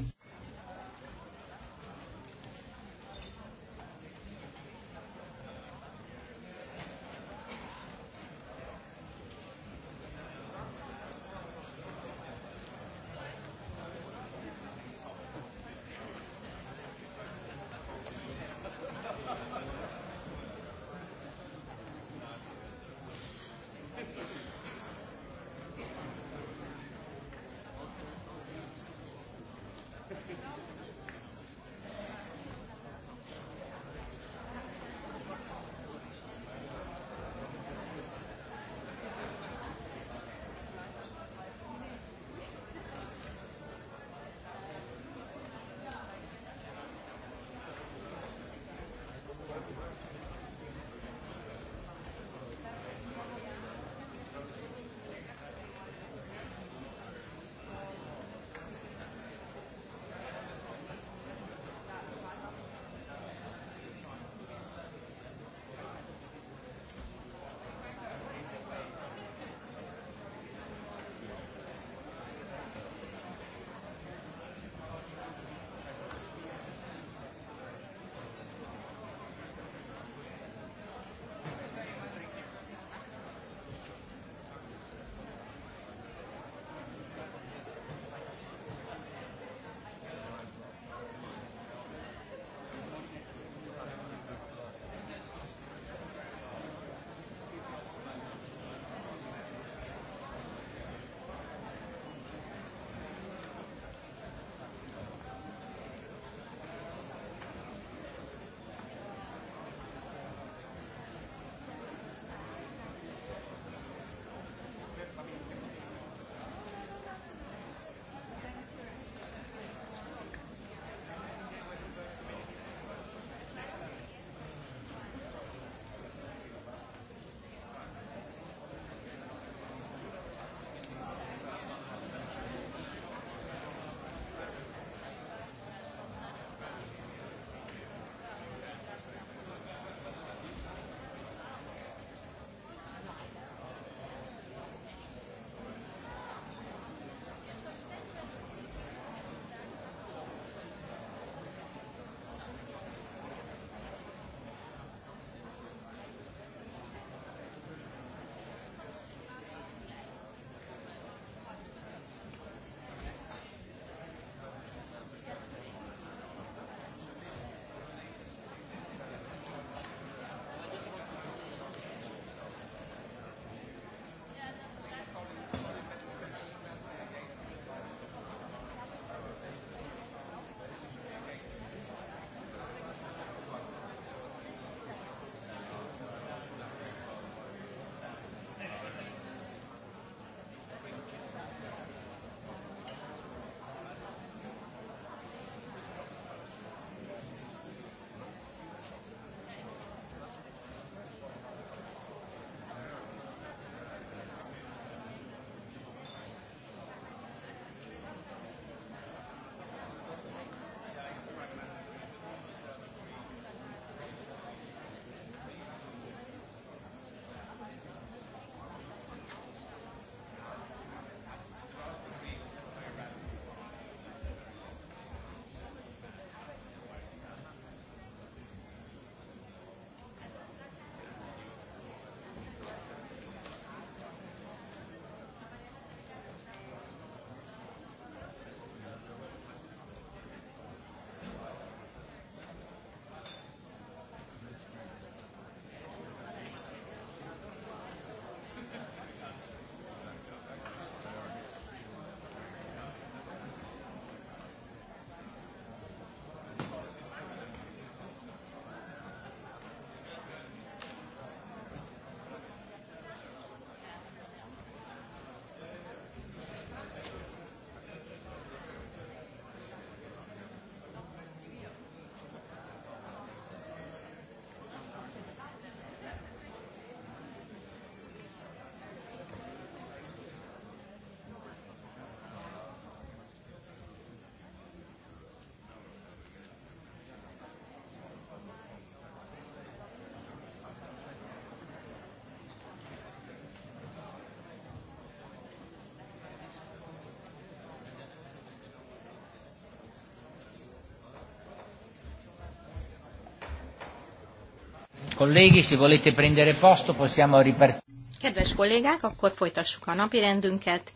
Speaker 1: Colleghi, se volete prendere posto, possiamo ripartire.
Speaker 2: Kedves kollégák, akkor folytassuk a napi rendünket.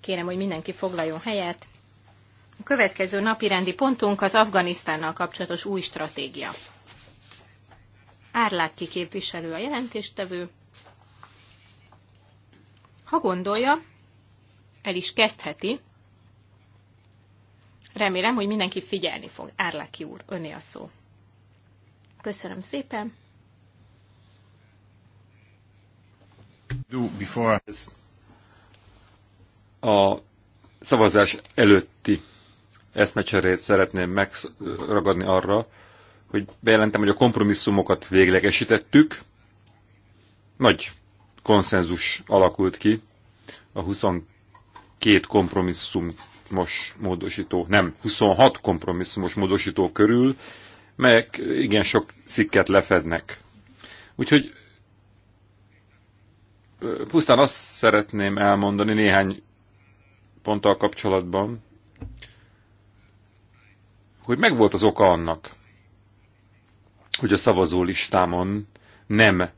Speaker 2: Kérem, hogy mindenki foglaljon helyet. A következő napi rendi pontunk az Afganisztánnal kapcsolatos új stratégia. Árlát képviselő a jelentéstevő. Ha gondolja, el is kezdheti. Remélem, hogy mindenki figyelni fog. Árláki úr, öné a szó. Köszönöm szépen.
Speaker 3: Ez a szavazás előtti eszmecserét szeretném megragadni arra, hogy bejelentem, hogy a kompromisszumokat véglegesítettük, nagy konszenzus alakult ki a 22 kompromisszumos módosító, nem, 26 kompromisszumos módosító körül, melyek igen sok szikket lefednek. Úgyhogy pusztán azt szeretném elmondani néhány ponttal kapcsolatban, hogy megvolt az oka annak, hogy a szavazólistámon nem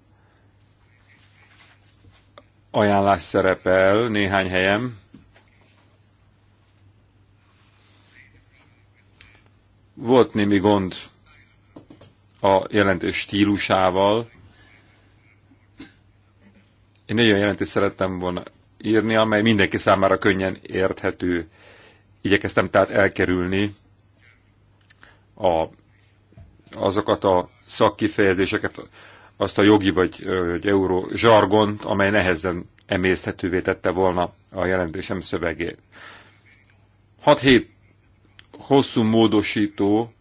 Speaker 3: ajánlás szerepel néhány helyen Volt némi gond a jelentés stílusával, én nagyon jelentést szerettem volna írni, amely mindenki számára könnyen érthető. Igyekeztem tehát elkerülni a, azokat a szakkifejezéseket, azt a jogi vagy, vagy euró zsargont, amely nehezen emészhetővé tette volna a jelentésem szövegét. 6-7 hosszú módosító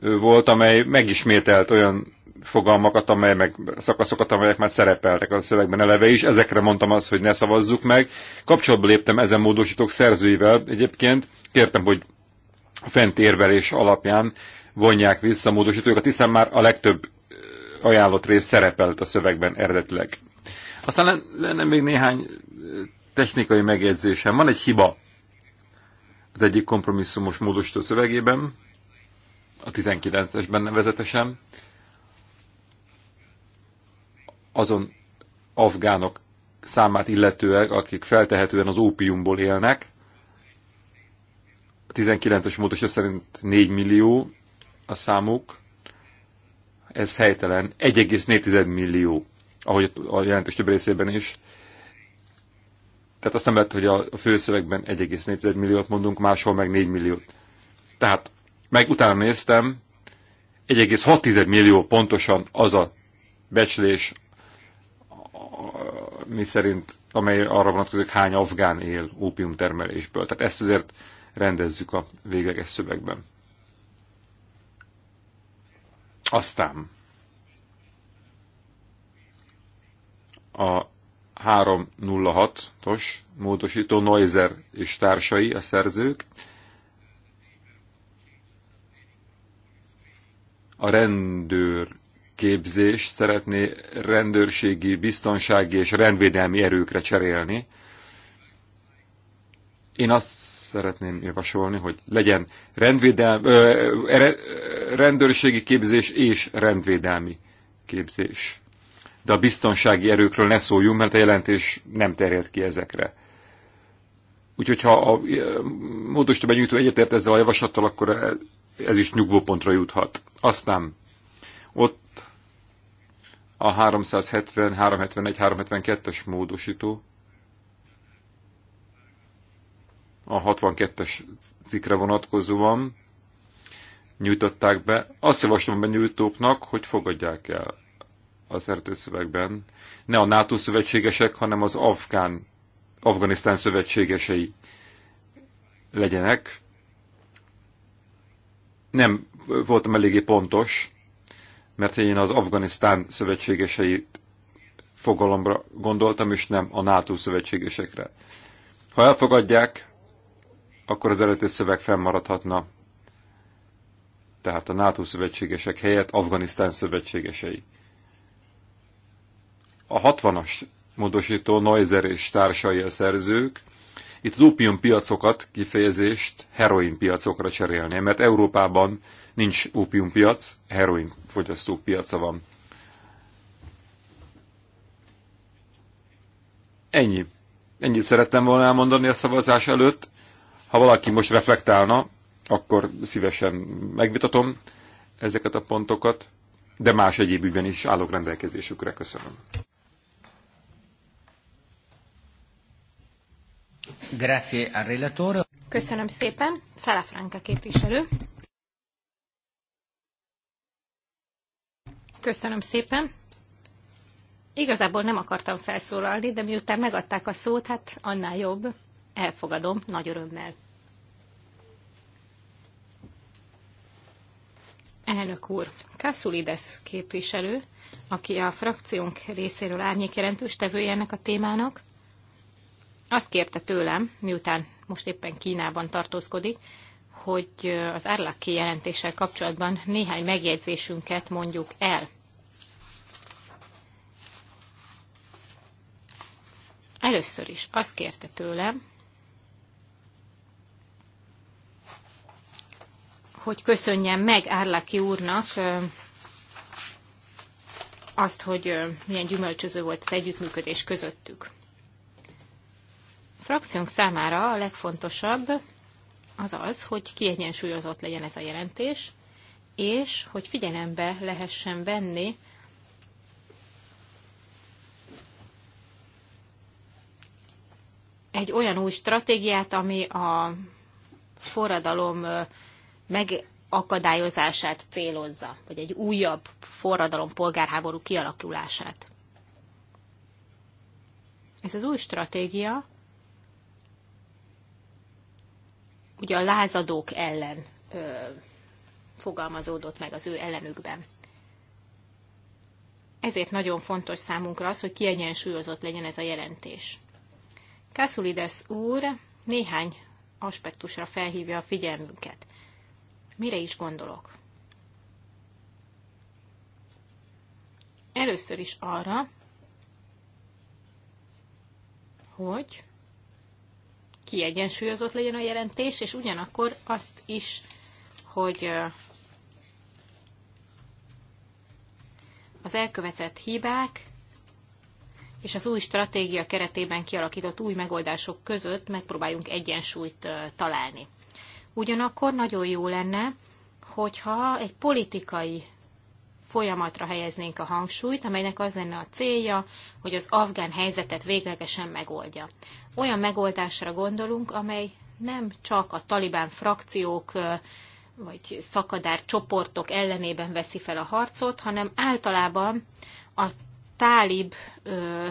Speaker 3: volt, amely megismételt olyan fogalmakat, amely meg szakaszokat, amelyek már szerepeltek a szövegben eleve is. Ezekre mondtam azt, hogy ne szavazzuk meg. Kapcsolatba léptem ezen módosítók szerzőivel egyébként. Kértem, hogy a fent érvelés alapján vonják vissza a módosítókat, hiszen már a legtöbb ajánlott rész szerepelt a szövegben eredetileg. Aztán lenne még néhány technikai megjegyzésem. Van egy hiba az egyik kompromisszumos módosító szövegében, a 19-esben nevezetesen. azon afgánok számát illetőek, akik feltehetően az ópiumból élnek. A 19-es módos szerint 4 millió a számuk, ez helytelen, 1,4 millió, ahogy a jelentős több részében is. Tehát azt nem lehet, hogy a főszövegben 1,4 milliót mondunk, máshol meg 4 milliót. Tehát meg utána néztem, 1,6 millió pontosan az a becslés, mi szerint, amely arra vonatkozik, hány afgán él ópiumtermelésből. Tehát ezt azért rendezzük a végleges szövegben. Aztán a 306-os módosító Noizer és társai, a szerzők, a rendőr képzés szeretné rendőrségi, biztonsági és rendvédelmi erőkre cserélni. Én azt szeretném javasolni, hogy legyen rendvédelmi, ö, rendőrségi képzés és rendvédelmi képzés. De a biztonsági erőkről ne szóljunk, mert a jelentés nem terjed ki ezekre. Úgyhogy ha a módosítóban nyújtó egyetért ezzel a javaslattal, akkor ez is nyugvópontra juthat. Aztán ott a 370, 371, 372-es módosító a 62-es cikkre vonatkozóan nyújtották be. Azt javaslom a benyújtóknak, hogy fogadják el az szövegben. Ne a NATO szövetségesek, hanem az afgán, Afganisztán szövetségesei legyenek. Nem voltam eléggé pontos mert én az Afganisztán szövetségesei fogalomra gondoltam, és nem a NATO szövetségesekre. Ha elfogadják, akkor az eredeti szöveg fennmaradhatna. Tehát a NATO szövetségesek helyett Afganisztán szövetségesei. A 60-as módosító Neuser és társai a szerzők, itt az piacokat, kifejezést heroin piacokra cserélni, mert Európában Nincs ópiumpiac, heroin fogyasztó piaca van. Ennyi. Ennyit szerettem volna elmondani a szavazás előtt. Ha valaki most reflektálna, akkor szívesen megvitatom ezeket a pontokat, de más egyéb ügyben is állok rendelkezésükre. Köszönöm.
Speaker 1: Grazie al relatore.
Speaker 2: Köszönöm szépen. Franka képviselő. Köszönöm szépen. Igazából nem akartam felszólalni, de miután megadták a szót, hát annál jobb. Elfogadom, nagy örömmel. Elnök úr, Kassulides képviselő, aki a frakciónk részéről árnyék jelentős tevője ennek a témának, azt kérte tőlem, miután most éppen Kínában tartózkodik, hogy az árlak kijelentéssel kapcsolatban néhány megjegyzésünket mondjuk el. Először is azt kérte tőlem, hogy köszönjem meg Árlaki úrnak azt, hogy milyen gyümölcsöző volt az együttműködés közöttük. A frakciónk számára a legfontosabb az az, hogy kiegyensúlyozott legyen ez a jelentés, és hogy figyelembe lehessen venni egy olyan új stratégiát, ami a forradalom megakadályozását célozza, vagy egy újabb forradalom polgárháború kialakulását. Ez az új stratégia ugye a lázadók ellen ö, fogalmazódott meg az ő ellenükben. Ezért nagyon fontos számunkra az, hogy kiegyensúlyozott legyen ez a jelentés. Kasszulides úr néhány aspektusra felhívja a figyelmünket. Mire is gondolok? Először is arra, hogy kiegyensúlyozott legyen a jelentés, és ugyanakkor azt is, hogy az elkövetett hibák és az új stratégia keretében kialakított új megoldások között megpróbáljunk egyensúlyt találni. Ugyanakkor nagyon jó lenne, hogyha egy politikai folyamatra helyeznénk a hangsúlyt, amelynek az lenne a célja, hogy az afgán helyzetet véglegesen megoldja. Olyan megoldásra gondolunk, amely nem csak a talibán frakciók vagy szakadár csoportok ellenében veszi fel a harcot, hanem általában a tálib ö,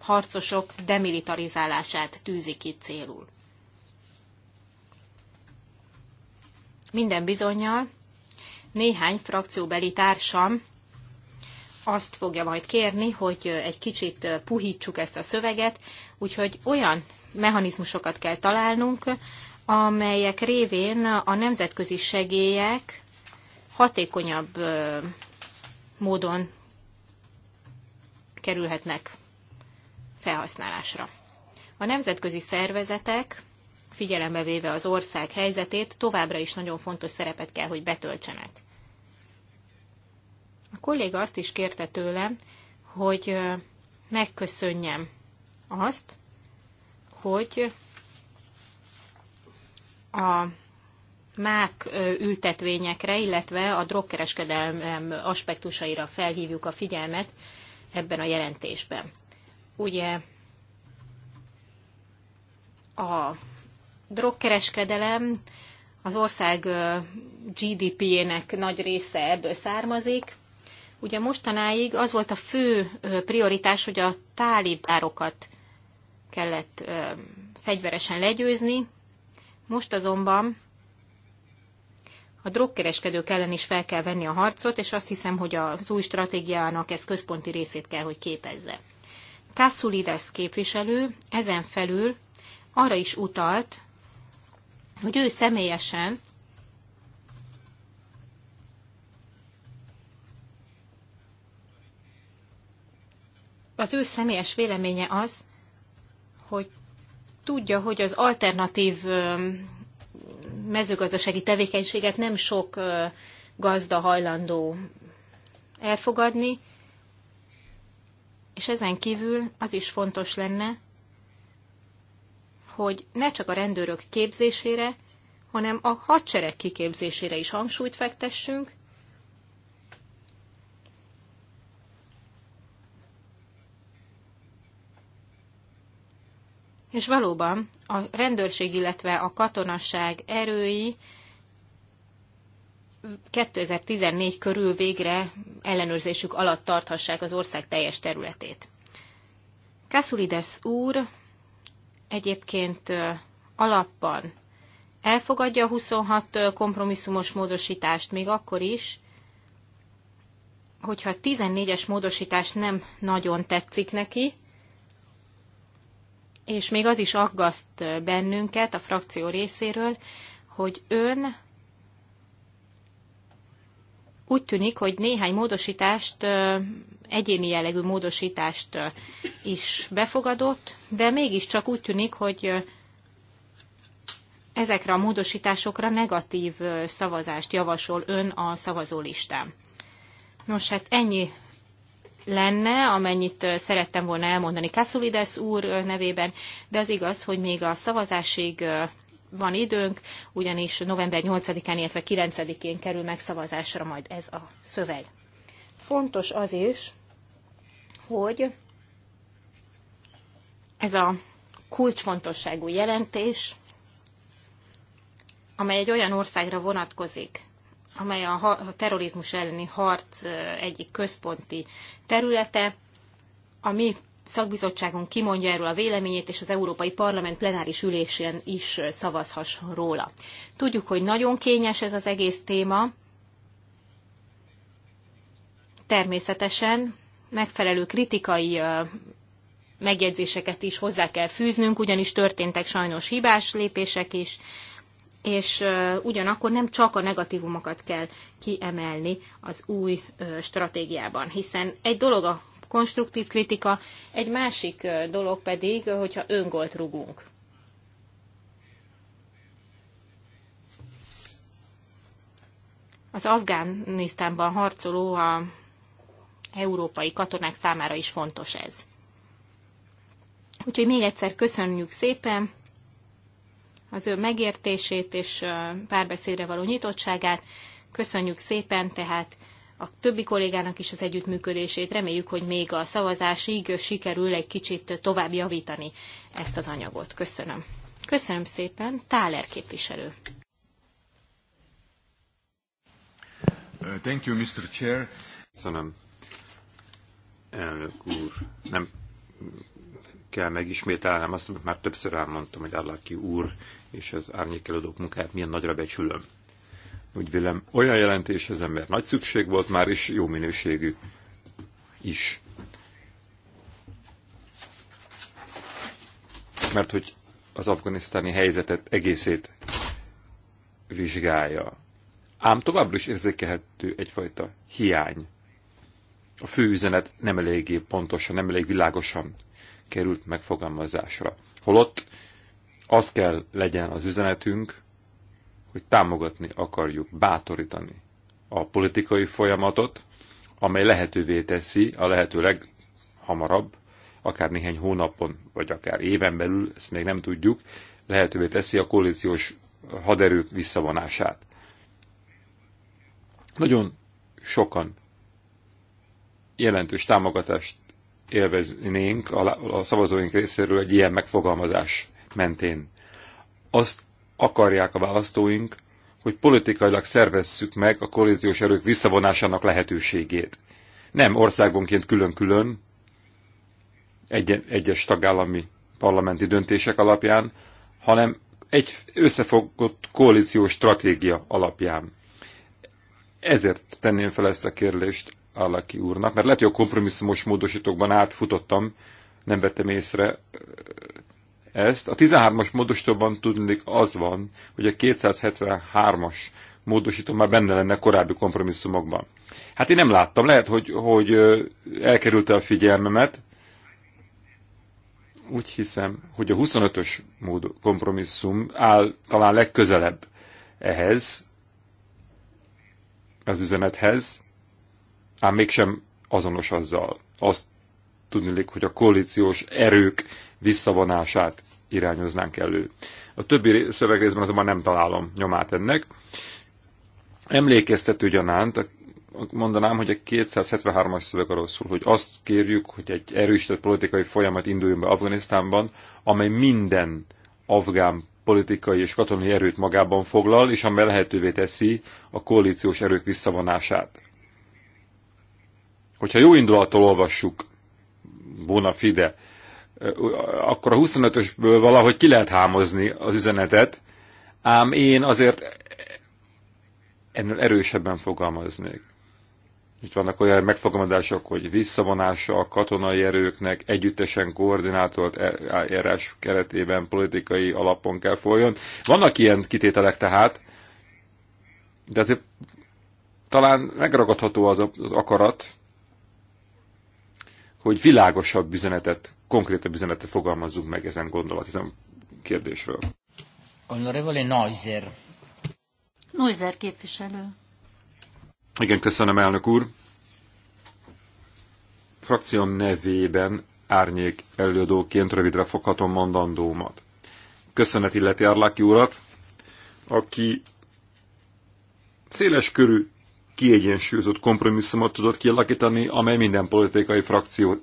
Speaker 2: harcosok demilitarizálását tűzi ki célul. Minden bizonyal néhány frakcióbeli társam azt fogja majd kérni, hogy egy kicsit puhítsuk ezt a szöveget, úgyhogy olyan mechanizmusokat kell találnunk, amelyek révén a nemzetközi segélyek hatékonyabb módon kerülhetnek felhasználásra. A nemzetközi szervezetek, figyelembe véve az ország helyzetét, továbbra is nagyon fontos szerepet kell, hogy betöltsenek. A kolléga azt is kérte tőlem, hogy megköszönjem azt, hogy a mák ültetvényekre, illetve a drogkereskedelem aspektusaira felhívjuk a figyelmet ebben a jelentésben. Ugye a drogkereskedelem az ország GDP-jének nagy része ebből származik, Ugye mostanáig az volt a fő prioritás, hogy a tálibárokat kellett fegyveresen legyőzni, most azonban a drogkereskedők ellen is fel kell venni a harcot, és azt hiszem, hogy az új stratégiának ez központi részét kell, hogy képezze. Kassulides képviselő ezen felül arra is utalt, hogy ő személyesen az ő személyes véleménye az, hogy tudja, hogy az alternatív mezőgazdasági tevékenységet nem sok gazda hajlandó elfogadni, és ezen kívül az is fontos lenne, hogy ne csak a rendőrök képzésére, hanem a hadsereg kiképzésére is hangsúlyt fektessünk, És valóban a rendőrség, illetve a katonaság erői 2014 körül végre ellenőrzésük alatt tarthassák az ország teljes területét. Kasulides úr egyébként alapban elfogadja a 26 kompromisszumos módosítást még akkor is, hogyha a 14-es módosítás nem nagyon tetszik neki, és még az is aggaszt bennünket a frakció részéről, hogy ön úgy tűnik, hogy néhány módosítást, egyéni jellegű módosítást is befogadott, de mégiscsak úgy tűnik, hogy ezekre a módosításokra negatív szavazást javasol ön a szavazólistán. Nos, hát ennyi lenne, amennyit szerettem volna elmondani Kasszulides úr nevében, de az igaz, hogy még a szavazásig van időnk, ugyanis november 8-án, illetve 9-én kerül megszavazásra majd ez a szöveg. Fontos az is, hogy ez a kulcsfontosságú jelentés, amely egy olyan országra vonatkozik, amely a terrorizmus elleni harc egyik központi területe. A mi szakbizottságunk kimondja erről a véleményét, és az Európai Parlament plenáris ülésén is szavazhasson róla. Tudjuk, hogy nagyon kényes ez az egész téma. Természetesen megfelelő kritikai megjegyzéseket is hozzá kell fűznünk, ugyanis történtek sajnos hibás lépések is, és ugyanakkor nem csak a negatívumokat kell kiemelni az új stratégiában, hiszen egy dolog a konstruktív kritika, egy másik dolog pedig, hogyha öngolt rugunk. Az Afganisztánban harcoló a európai katonák számára is fontos ez. Úgyhogy még egyszer köszönjük szépen, az ő megértését és párbeszédre való nyitottságát. Köszönjük szépen tehát a többi kollégának is az együttműködését. Reméljük, hogy még a szavazásig sikerül egy kicsit tovább javítani ezt az anyagot. Köszönöm. Köszönöm szépen. Táler képviselő.
Speaker 3: Uh, thank you, Mr. Chair. Köszönöm. Elnök úr, nem kell megismételnem azt, amit már többször elmondtam, hogy Allaki úr és az árnyékelődók munkáját milyen nagyra becsülöm. Úgy vélem, olyan jelentés az ember nagy szükség volt már, és jó minőségű is. Mert hogy az afganisztáni helyzetet egészét vizsgálja. Ám továbbra is érzékelhető egyfajta hiány. A fő üzenet nem eléggé pontosan, nem elég világosan került megfogalmazásra. Holott az kell legyen az üzenetünk, hogy támogatni akarjuk, bátorítani a politikai folyamatot, amely lehetővé teszi a lehető leghamarabb, akár néhány hónapon, vagy akár éven belül, ezt még nem tudjuk, lehetővé teszi a koalíciós haderők visszavonását. Nagyon sokan jelentős támogatást élveznénk a szavazóink részéről egy ilyen megfogalmazás mentén. Azt akarják a választóink, hogy politikailag szervezzük meg a koalíciós erők visszavonásának lehetőségét. Nem országonként külön-külön, egy egyes tagállami parlamenti döntések alapján, hanem egy összefogott koalíciós stratégia alapján. Ezért tenném fel ezt a kérdést Alaki úrnak, mert lehet, hogy a kompromisszumos módosítókban átfutottam, nem vettem észre, ezt. A 13-as módosítóban tudnék az van, hogy a 273-as módosító már benne lenne korábbi kompromisszumokban. Hát én nem láttam, lehet, hogy, hogy elkerülte a figyelmemet. Úgy hiszem, hogy a 25-ös kompromisszum áll talán legközelebb ehhez, az üzenethez, ám mégsem azonos azzal. Azt tudnilik, hogy a koalíciós erők visszavonását irányoznánk elő. A többi szövegrészben azonban nem találom nyomát ennek. Emlékeztető gyanánt mondanám, hogy a 273-as szöveg arról szól, hogy azt kérjük, hogy egy erősített politikai folyamat induljon be Afganisztánban, amely minden afgán politikai és katonai erőt magában foglal, és amely lehetővé teszi a koalíciós erők visszavonását. Hogyha jó indulattal olvassuk bona fide, akkor a 25-ösből valahogy ki lehet hámozni az üzenetet, ám én azért ennél erősebben fogalmaznék. Itt vannak olyan megfogalmazások, hogy visszavonása a katonai erőknek együttesen koordinátolt e- eljárás keretében politikai alapon kell folyjon. Vannak ilyen kitételek tehát, de azért talán megragadható az, az akarat, hogy világosabb üzenetet, konkrétabb üzenetet fogalmazzunk meg ezen gondolat, ezen kérdésről.
Speaker 1: Honorevole Neuser. Neuser
Speaker 4: képviselő.
Speaker 3: Igen, köszönöm, elnök úr. Frakcióm nevében árnyék előadóként rövidre foghatom mondandómat. Köszönet illeti Arlaki urat, aki széles körű kiegyensúlyozott kompromisszumot tudott kialakítani, amely minden politikai frakció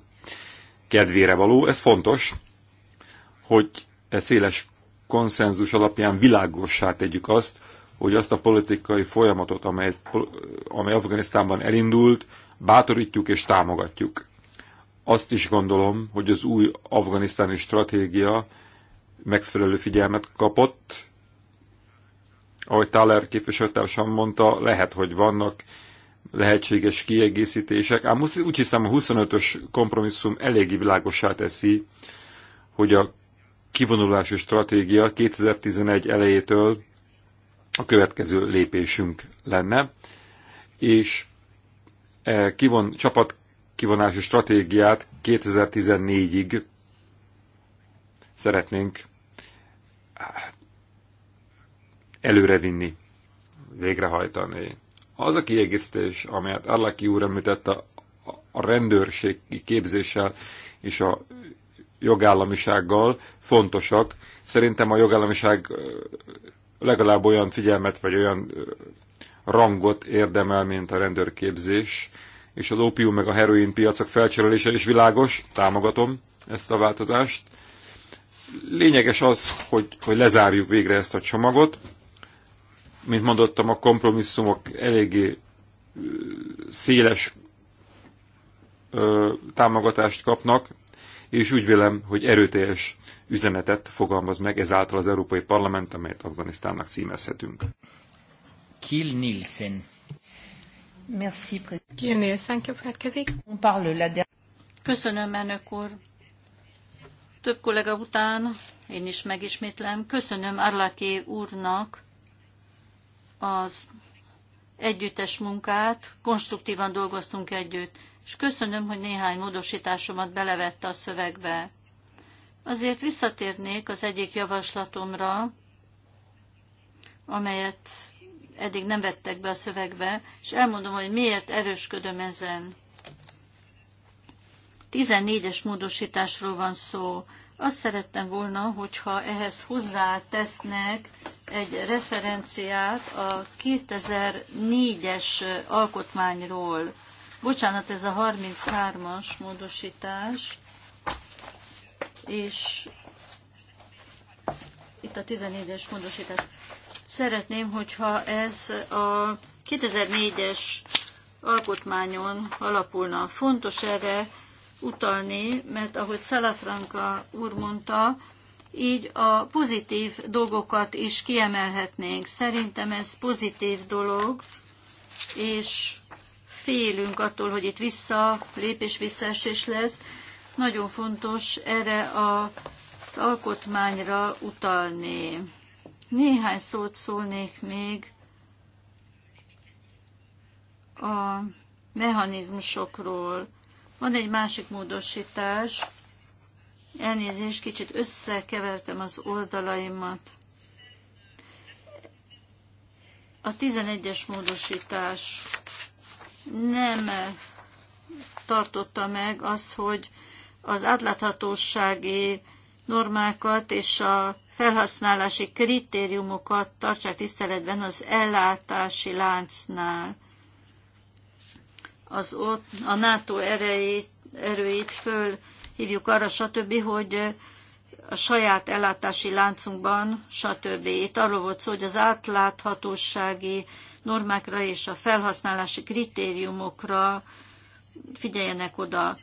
Speaker 3: kedvére való. Ez fontos, hogy e széles konszenzus alapján világossá tegyük azt, hogy azt a politikai folyamatot, amely, amely Afganisztánban elindult, bátorítjuk és támogatjuk. Azt is gondolom, hogy az új afganisztáni stratégia megfelelő figyelmet kapott, ahogy Thaler képviselőtársam mondta, lehet, hogy vannak lehetséges kiegészítések, ám úgy hiszem a 25-ös kompromisszum eléggé világosá teszi, hogy a kivonulási stratégia 2011 elejétől a következő lépésünk lenne, és e, kivon, csapat kivonási stratégiát 2014-ig szeretnénk előrevinni, végrehajtani. Az a kiegészítés, amelyet Arlaki úr említette a rendőrségi képzéssel és a jogállamisággal fontosak. Szerintem a jogállamiság legalább olyan figyelmet vagy olyan rangot érdemel, mint a rendőrképzés, és az ópium meg a heroin piacok felcserélése is világos, támogatom ezt a változást. Lényeges az, hogy, hogy lezárjuk végre ezt a csomagot, mint mondottam, a kompromisszumok eléggé széles támogatást kapnak, és úgy vélem, hogy erőteljes üzenetet fogalmaz meg ezáltal az Európai Parlament, amelyet Afganisztánnak címezhetünk. Kill
Speaker 1: Nielsen.
Speaker 2: Merci, Kill Nielsen következik.
Speaker 4: Köszönöm, elnök úr. Több kollega után én is megismétlem. Köszönöm arlaki úrnak az együttes munkát, konstruktívan dolgoztunk együtt, és köszönöm, hogy néhány módosításomat belevette a szövegbe. Azért visszatérnék az egyik javaslatomra, amelyet eddig nem vettek be a szövegbe, és elmondom, hogy miért erősködöm ezen. 14-es módosításról van szó. Azt szerettem volna, hogyha ehhez hozzá tesznek egy referenciát a 2004-es alkotmányról. Bocsánat, ez a 33-as módosítás, és itt a 14-es módosítás. Szeretném, hogyha ez a 2004-es alkotmányon alapulna. Fontos erre utalni, mert ahogy Salafranca úr mondta, így a pozitív dolgokat is kiemelhetnénk. Szerintem ez pozitív dolog, és félünk attól, hogy itt vissza, lépés visszaesés lesz. Nagyon fontos erre a, az alkotmányra utalni. Néhány szót szólnék még a mechanizmusokról. Van egy másik módosítás, Elnézést, kicsit összekevertem az oldalaimat. A 11-es módosítás nem tartotta meg azt, hogy az átláthatósági normákat és a felhasználási kritériumokat tartsák tiszteletben az ellátási láncnál. Az ott a NATO erejét, erőit föl hívjuk arra, stb., hogy a saját ellátási láncunkban, stb. Itt arról volt szó, hogy az átláthatósági normákra és a felhasználási kritériumokra figyeljenek oda.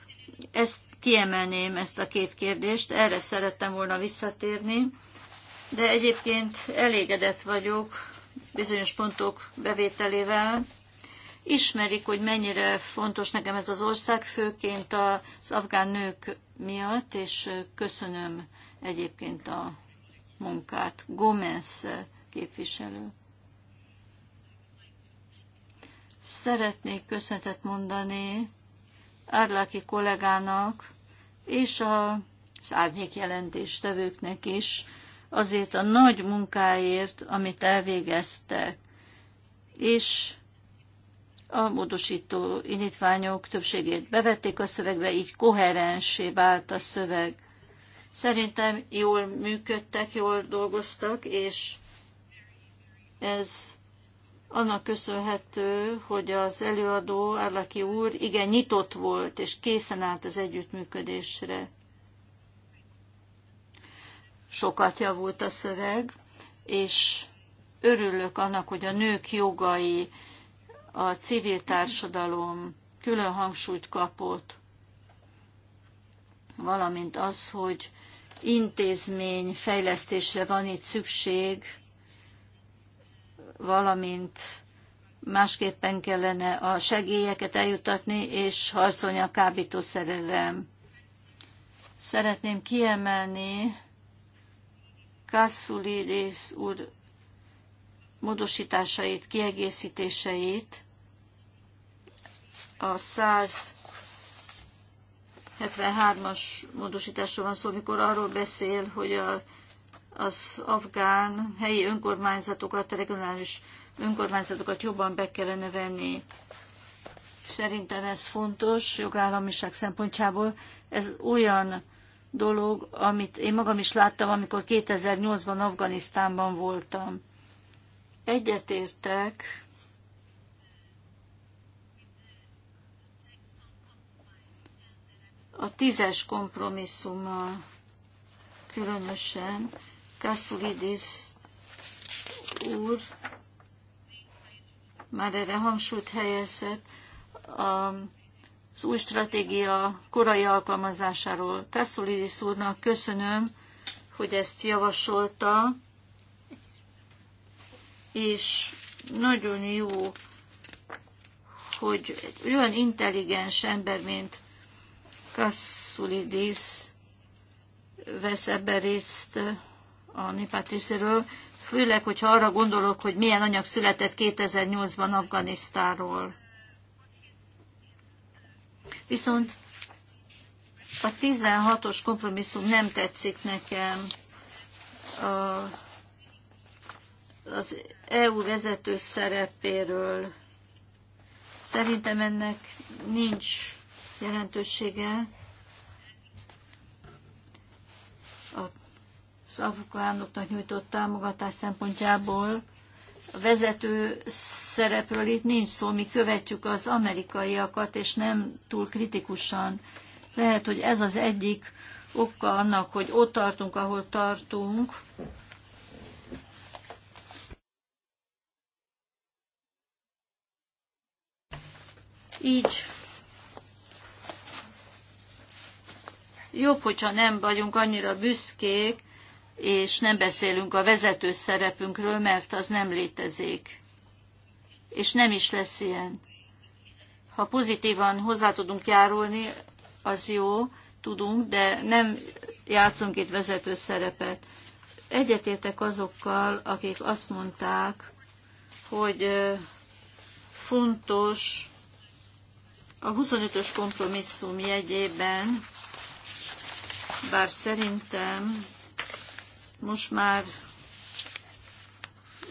Speaker 4: Ezt kiemelném, ezt a két kérdést, erre szerettem volna visszatérni, de egyébként elégedett vagyok bizonyos pontok bevételével. Ismerik, hogy mennyire fontos nekem ez az ország, főként az afgán nők miatt, és köszönöm egyébként a munkát. Gomez képviselő. Szeretnék köszönetet mondani Árláki kollégának és a, az árnyék jelentéstevőknek is azért a nagy munkáért, amit elvégeztek. És a módosító indítványok többségét bevették a szövegbe, így koherensé vált a szöveg. Szerintem jól működtek, jól dolgoztak, és ez annak köszönhető, hogy az előadó, Árlaki úr, igen, nyitott volt, és készen állt az együttműködésre. Sokat javult a szöveg, és örülök annak, hogy a nők jogai a civil társadalom külön hangsúlyt kapott, valamint az, hogy intézmény fejlesztésre van itt szükség, valamint másképpen kellene a segélyeket eljutatni, és harcolni a kábítószerrel. Szeretném kiemelni Kasszulidész úr módosításait, kiegészítéseit a 173-as módosításról van szó, amikor arról beszél, hogy a, az afgán helyi önkormányzatokat, regionális önkormányzatokat jobban be kellene venni. Szerintem ez fontos jogállamiság szempontjából. Ez olyan dolog, amit én magam is láttam, amikor 2008-ban Afganisztánban voltam Egyetértek a tízes kompromisszummal, különösen Kassulidis úr már erre hangsúlyt helyezett az új stratégia korai alkalmazásáról. Kassulidis úrnak köszönöm, hogy ezt javasolta, és nagyon jó, hogy egy olyan intelligens ember, mint Kassulidis vesz ebben részt a Nipátiszéről, főleg, hogyha arra gondolok, hogy milyen anyag született 2008-ban Afganisztáról. Viszont a 16-os kompromisszum nem tetszik nekem. A az EU vezető szerepéről. Szerintem ennek nincs jelentősége. Az afgánoknak nyújtott támogatás szempontjából a vezető szerepről itt nincs szó, mi követjük az amerikaiakat, és nem túl kritikusan. Lehet, hogy ez az egyik oka annak, hogy ott tartunk, ahol tartunk, Így jobb, hogyha nem vagyunk annyira büszkék, és nem beszélünk a vezető szerepünkről, mert az nem létezik. És nem is lesz ilyen. Ha pozitívan hozzá tudunk járulni, az jó, tudunk, de nem játszunk itt vezető szerepet. Egyetértek azokkal, akik azt mondták, hogy fontos a 25-ös kompromisszum jegyében, bár szerintem most már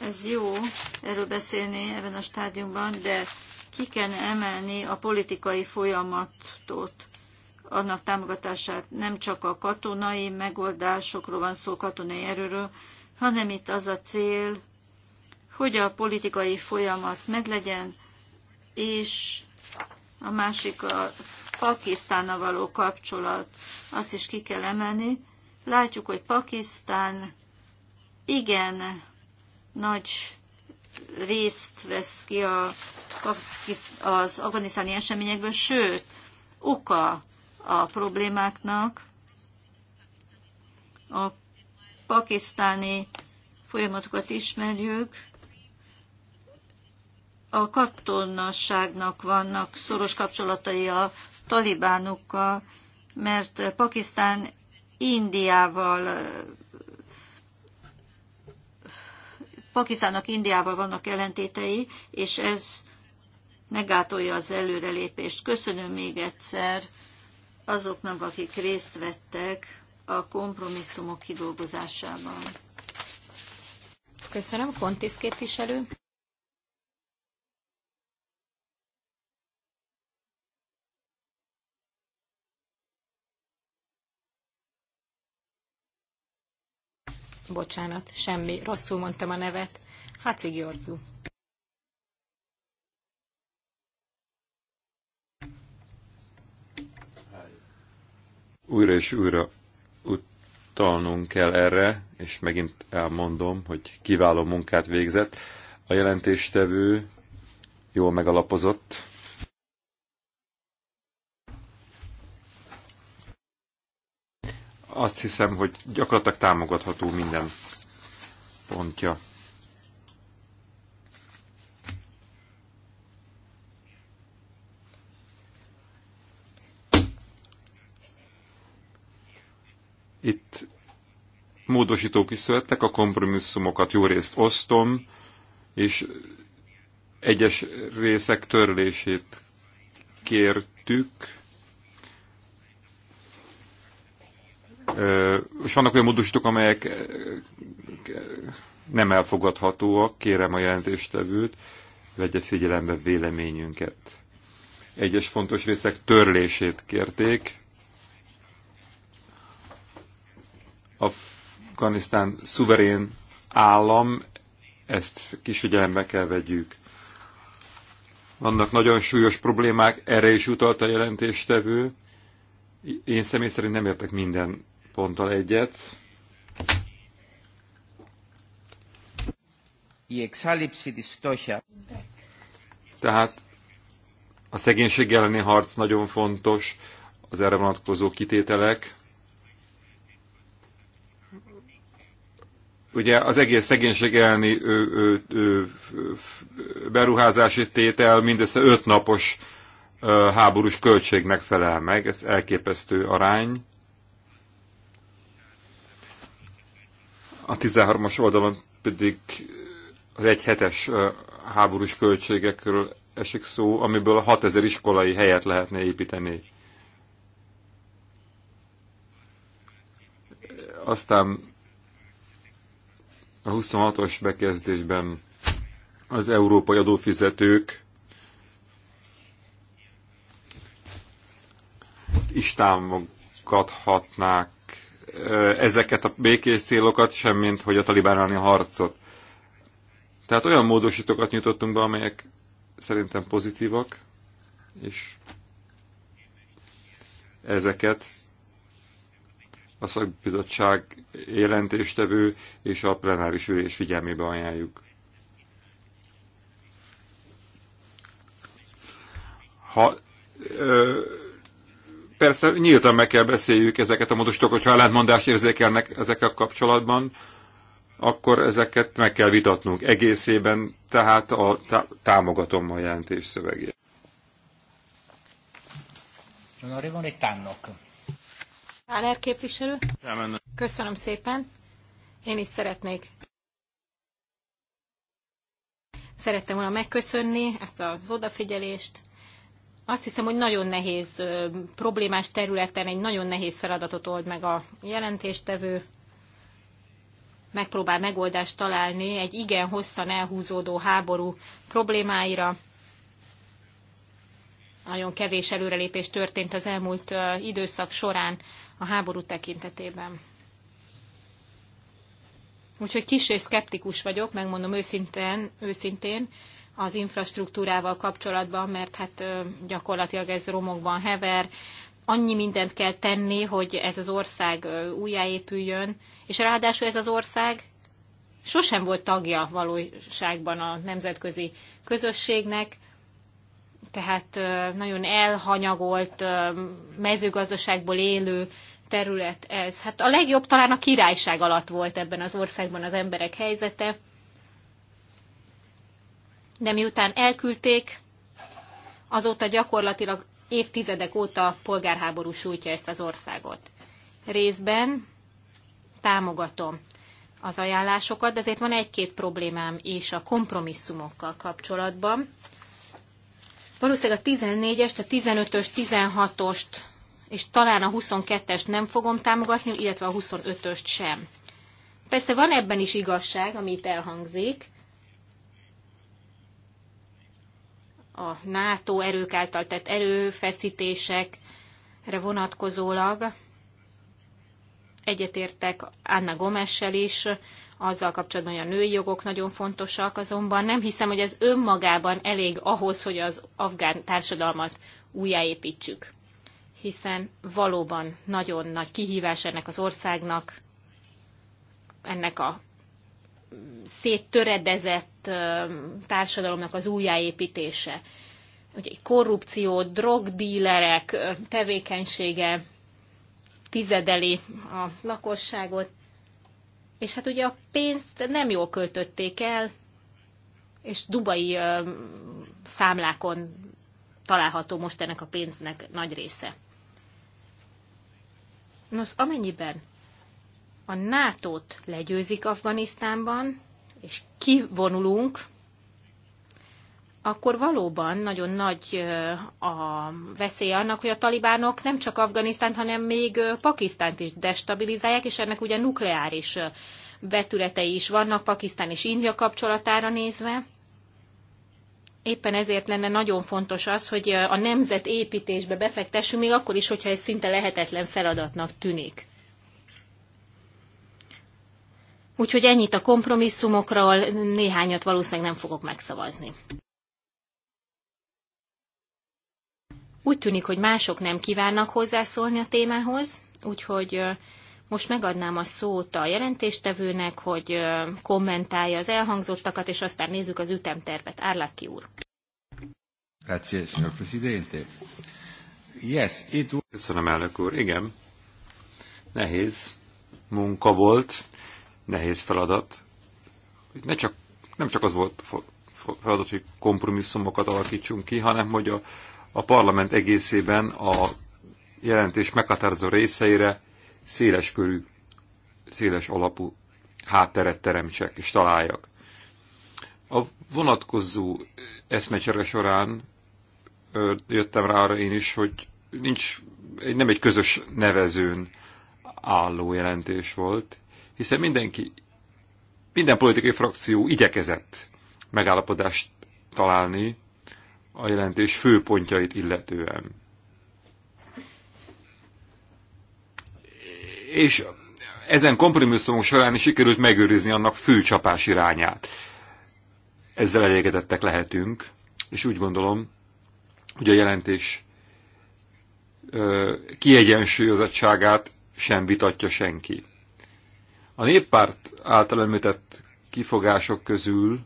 Speaker 4: ez jó erről beszélni ebben a stádiumban, de ki kell emelni a politikai folyamatot, annak támogatását. Nem csak a katonai megoldásokról van szó, katonai erőről, hanem itt az a cél, hogy a politikai folyamat meglegyen, és a másik a Pakisztánnal való kapcsolat, azt is ki kell emelni. Látjuk, hogy Pakisztán igen nagy részt vesz ki a, az afganisztáni eseményekből, sőt, oka a problémáknak a pakisztáni folyamatokat ismerjük, a katonasságnak vannak szoros kapcsolatai a talibánokkal, mert Pakisztán Indiával Pakisztánnak Indiával vannak ellentétei, és ez megátolja az előrelépést. Köszönöm még egyszer azoknak, akik részt vettek a kompromisszumok kidolgozásában.
Speaker 2: Köszönöm, Kontis képviselő. bocsánat, semmi, rosszul mondtam a nevet, Haci Georgiú.
Speaker 3: Újra és újra utalnunk kell erre, és megint elmondom, hogy kiváló munkát végzett. A jelentéstevő jól megalapozott azt hiszem, hogy gyakorlatilag támogatható minden pontja. Itt módosítók is születtek, a kompromisszumokat jó részt osztom, és egyes részek törlését kértük És vannak olyan módosítók, amelyek nem elfogadhatóak, kérem a jelentéstevőt, vegye figyelembe véleményünket. Egyes fontos részek törlését kérték. Afganisztán szuverén állam, ezt kis figyelembe kell vegyük. Vannak nagyon súlyos problémák, erre is utalta a jelentéstevő. Én személy szerint nem értek minden ponttal egyet. Tehát a szegénység elleni harc nagyon fontos, az erre vonatkozó kitételek. Ugye az egész szegénység elleni ö, ö, ö, beruházási tétel mindössze öt napos háborús költségnek felel meg, ez elképesztő arány. A 13-as oldalon pedig az egy hetes háborús költségekről esik szó, amiből 6000 iskolai helyet lehetne építeni. Aztán a 26-os bekezdésben az európai adófizetők is támogathatnák ezeket a békés célokat, semmint hogy a talibán a harcot. Tehát olyan módosítókat nyitottunk be, amelyek szerintem pozitívak, és ezeket a szakbizottság jelentéstevő és a plenáris ülés figyelmébe ajánljuk. Ha ö, persze nyíltan meg kell beszéljük ezeket a módosítókat, hogyha ellentmondást érzékelnek ezekkel kapcsolatban, akkor ezeket meg kell vitatnunk egészében, tehát a, támogatom a jelentés szövegét.
Speaker 1: Honorable
Speaker 2: képviselő. Köszönöm szépen. Én is szeretnék. Szerettem volna megköszönni ezt az odafigyelést, azt hiszem, hogy nagyon nehéz problémás területen egy nagyon nehéz feladatot old meg a jelentéstevő. Megpróbál megoldást találni egy igen hosszan elhúzódó háború problémáira. Nagyon kevés előrelépés történt az elmúlt időszak során a háború tekintetében. Úgyhogy kis és szkeptikus vagyok, megmondom őszintén, őszintén az infrastruktúrával kapcsolatban, mert hát gyakorlatilag ez romokban hever. Annyi mindent kell tenni, hogy ez az ország újjáépüljön, és ráadásul ez az ország sosem volt tagja valóságban a nemzetközi közösségnek, tehát nagyon elhanyagolt mezőgazdaságból élő terület ez. Hát a legjobb talán a királyság alatt volt ebben az országban az emberek helyzete de miután elküldték, azóta gyakorlatilag évtizedek óta polgárháború sújtja ezt az országot. Részben támogatom az ajánlásokat, de azért van egy-két problémám is a kompromisszumokkal kapcsolatban. Valószínűleg a 14-est, a 15-ös, 16-ost és talán a 22-est nem fogom támogatni, illetve a 25-öst sem. Persze van ebben is igazság, ami elhangzik, a NATO erők által tett erőfeszítésekre vonatkozólag. Egyetértek Anna Gomessel is, azzal kapcsolatban, hogy a női jogok nagyon fontosak, azonban nem hiszem, hogy ez önmagában elég ahhoz, hogy az afgán társadalmat újjáépítsük. Hiszen valóban nagyon nagy kihívás ennek az országnak, ennek a széttöredezett társadalomnak az újjáépítése. Ugye korrupció, drogdílerek tevékenysége tizedeli a lakosságot, és hát ugye a pénzt nem jól költötték el, és dubai számlákon található most ennek a pénznek nagy része. Nos, amennyiben a NATO-t legyőzik Afganisztánban, és kivonulunk, akkor valóban nagyon nagy a veszély annak, hogy a talibánok nem csak Afganisztánt, hanem még Pakisztánt is destabilizálják, és ennek ugye nukleáris vetületei is vannak Pakisztán és India kapcsolatára nézve. Éppen ezért lenne nagyon fontos az, hogy a nemzet építésbe befektessünk, még akkor is, hogyha ez szinte lehetetlen feladatnak tűnik. Úgyhogy ennyit a kompromisszumokról, néhányat valószínűleg nem fogok megszavazni. Úgy tűnik, hogy mások nem kívánnak hozzászólni a témához, úgyhogy most megadnám a szót a jelentéstevőnek, hogy kommentálja az elhangzottakat, és aztán nézzük az ütemtervet. ki úr.
Speaker 3: Grazie, signor Presidente. Yes, Köszönöm, elnök úr. Igen, nehéz munka volt, nehéz feladat. Ne csak, nem csak az volt feladat, hogy kompromisszumokat alakítsunk ki, hanem hogy a, a parlament egészében a jelentés meghatározó részeire széles körű, széles alapú hátteret teremtsek és találjak. A vonatkozó eszmecsere során ö, jöttem rá arra én is, hogy nincs, nem egy közös nevezőn álló jelentés volt, hiszen mindenki, minden politikai frakció igyekezett megállapodást találni a jelentés főpontjait illetően. És ezen kompromisszumok során is sikerült megőrizni annak fő csapás irányát. Ezzel elégedettek lehetünk, és úgy gondolom, hogy a jelentés kiegyensúlyozottságát sem vitatja senki. A néppárt által említett kifogások közül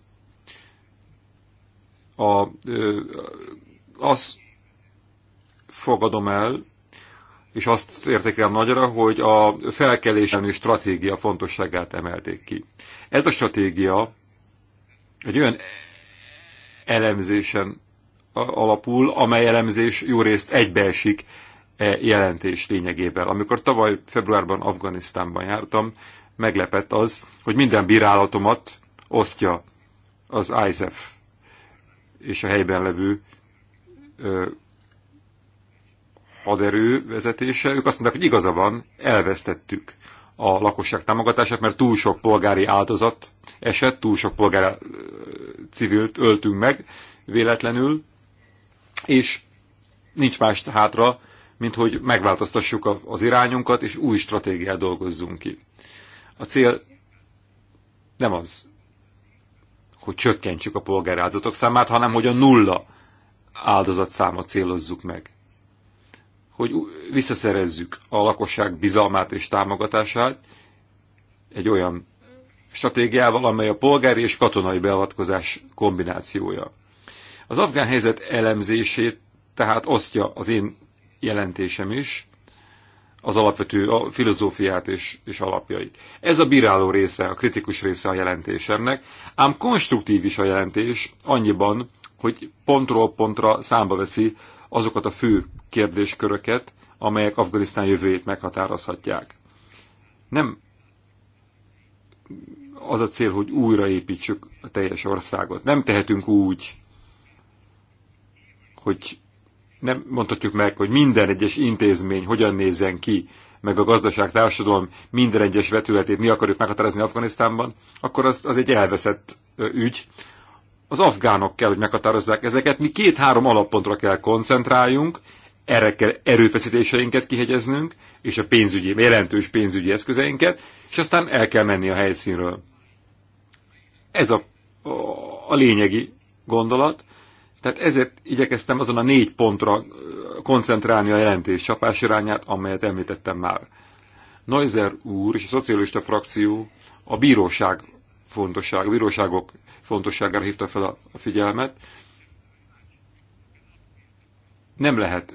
Speaker 3: a, az azt fogadom el, és azt értékelem nagyra, hogy a felkelésen stratégia fontosságát emelték ki. Ez a stratégia egy olyan elemzésen alapul, amely elemzés jó részt egybeesik e jelentés lényegével. Amikor tavaly februárban Afganisztánban jártam, meglepett az, hogy minden bírálatomat osztja az ISEF és a helyben levő ö, haderő vezetése. Ők azt mondták, hogy igaza van, elvesztettük a lakosság támogatását, mert túl sok polgári áldozat esett, túl sok polgári civilt öltünk meg véletlenül, és nincs más hátra, mint hogy megváltoztassuk az irányunkat, és új stratégiát dolgozzunk ki. A cél nem az, hogy csökkentsük a áldozatok számát, hanem hogy a nulla áldozatszámot célozzuk meg. Hogy visszaszerezzük a lakosság bizalmát és támogatását egy olyan stratégiával, amely a polgári és katonai beavatkozás kombinációja. Az afgán helyzet elemzését tehát osztja az én jelentésem is, az alapvető a filozófiát és, és alapjait. Ez a bíráló része, a kritikus része a jelentésemnek, ám konstruktív is a jelentés annyiban, hogy pontról pontra számba veszi azokat a fő kérdésköröket, amelyek Afganisztán jövőjét meghatározhatják. Nem az a cél, hogy újraépítsük a teljes országot. Nem tehetünk úgy, hogy nem mondhatjuk meg, hogy minden egyes intézmény hogyan nézzen ki, meg a gazdaság, társadalom minden egyes vetületét mi akarjuk meghatározni Afganisztánban, akkor az, az egy elveszett ügy. Az afgánok kell, hogy meghatározzák ezeket. Mi két-három alappontra kell koncentráljunk, erre kell erőfeszítéseinket kihegyeznünk, és a pénzügyi, jelentős pénzügyi eszközeinket, és aztán el kell menni a helyszínről. Ez a, a lényegi gondolat. Tehát ezért igyekeztem azon a négy pontra koncentrálni a jelentés csapás irányát, amelyet említettem már. Neuser úr és a szocialista frakció a bíróság fontosság, a bíróságok fontosságára hívta fel a figyelmet. Nem lehet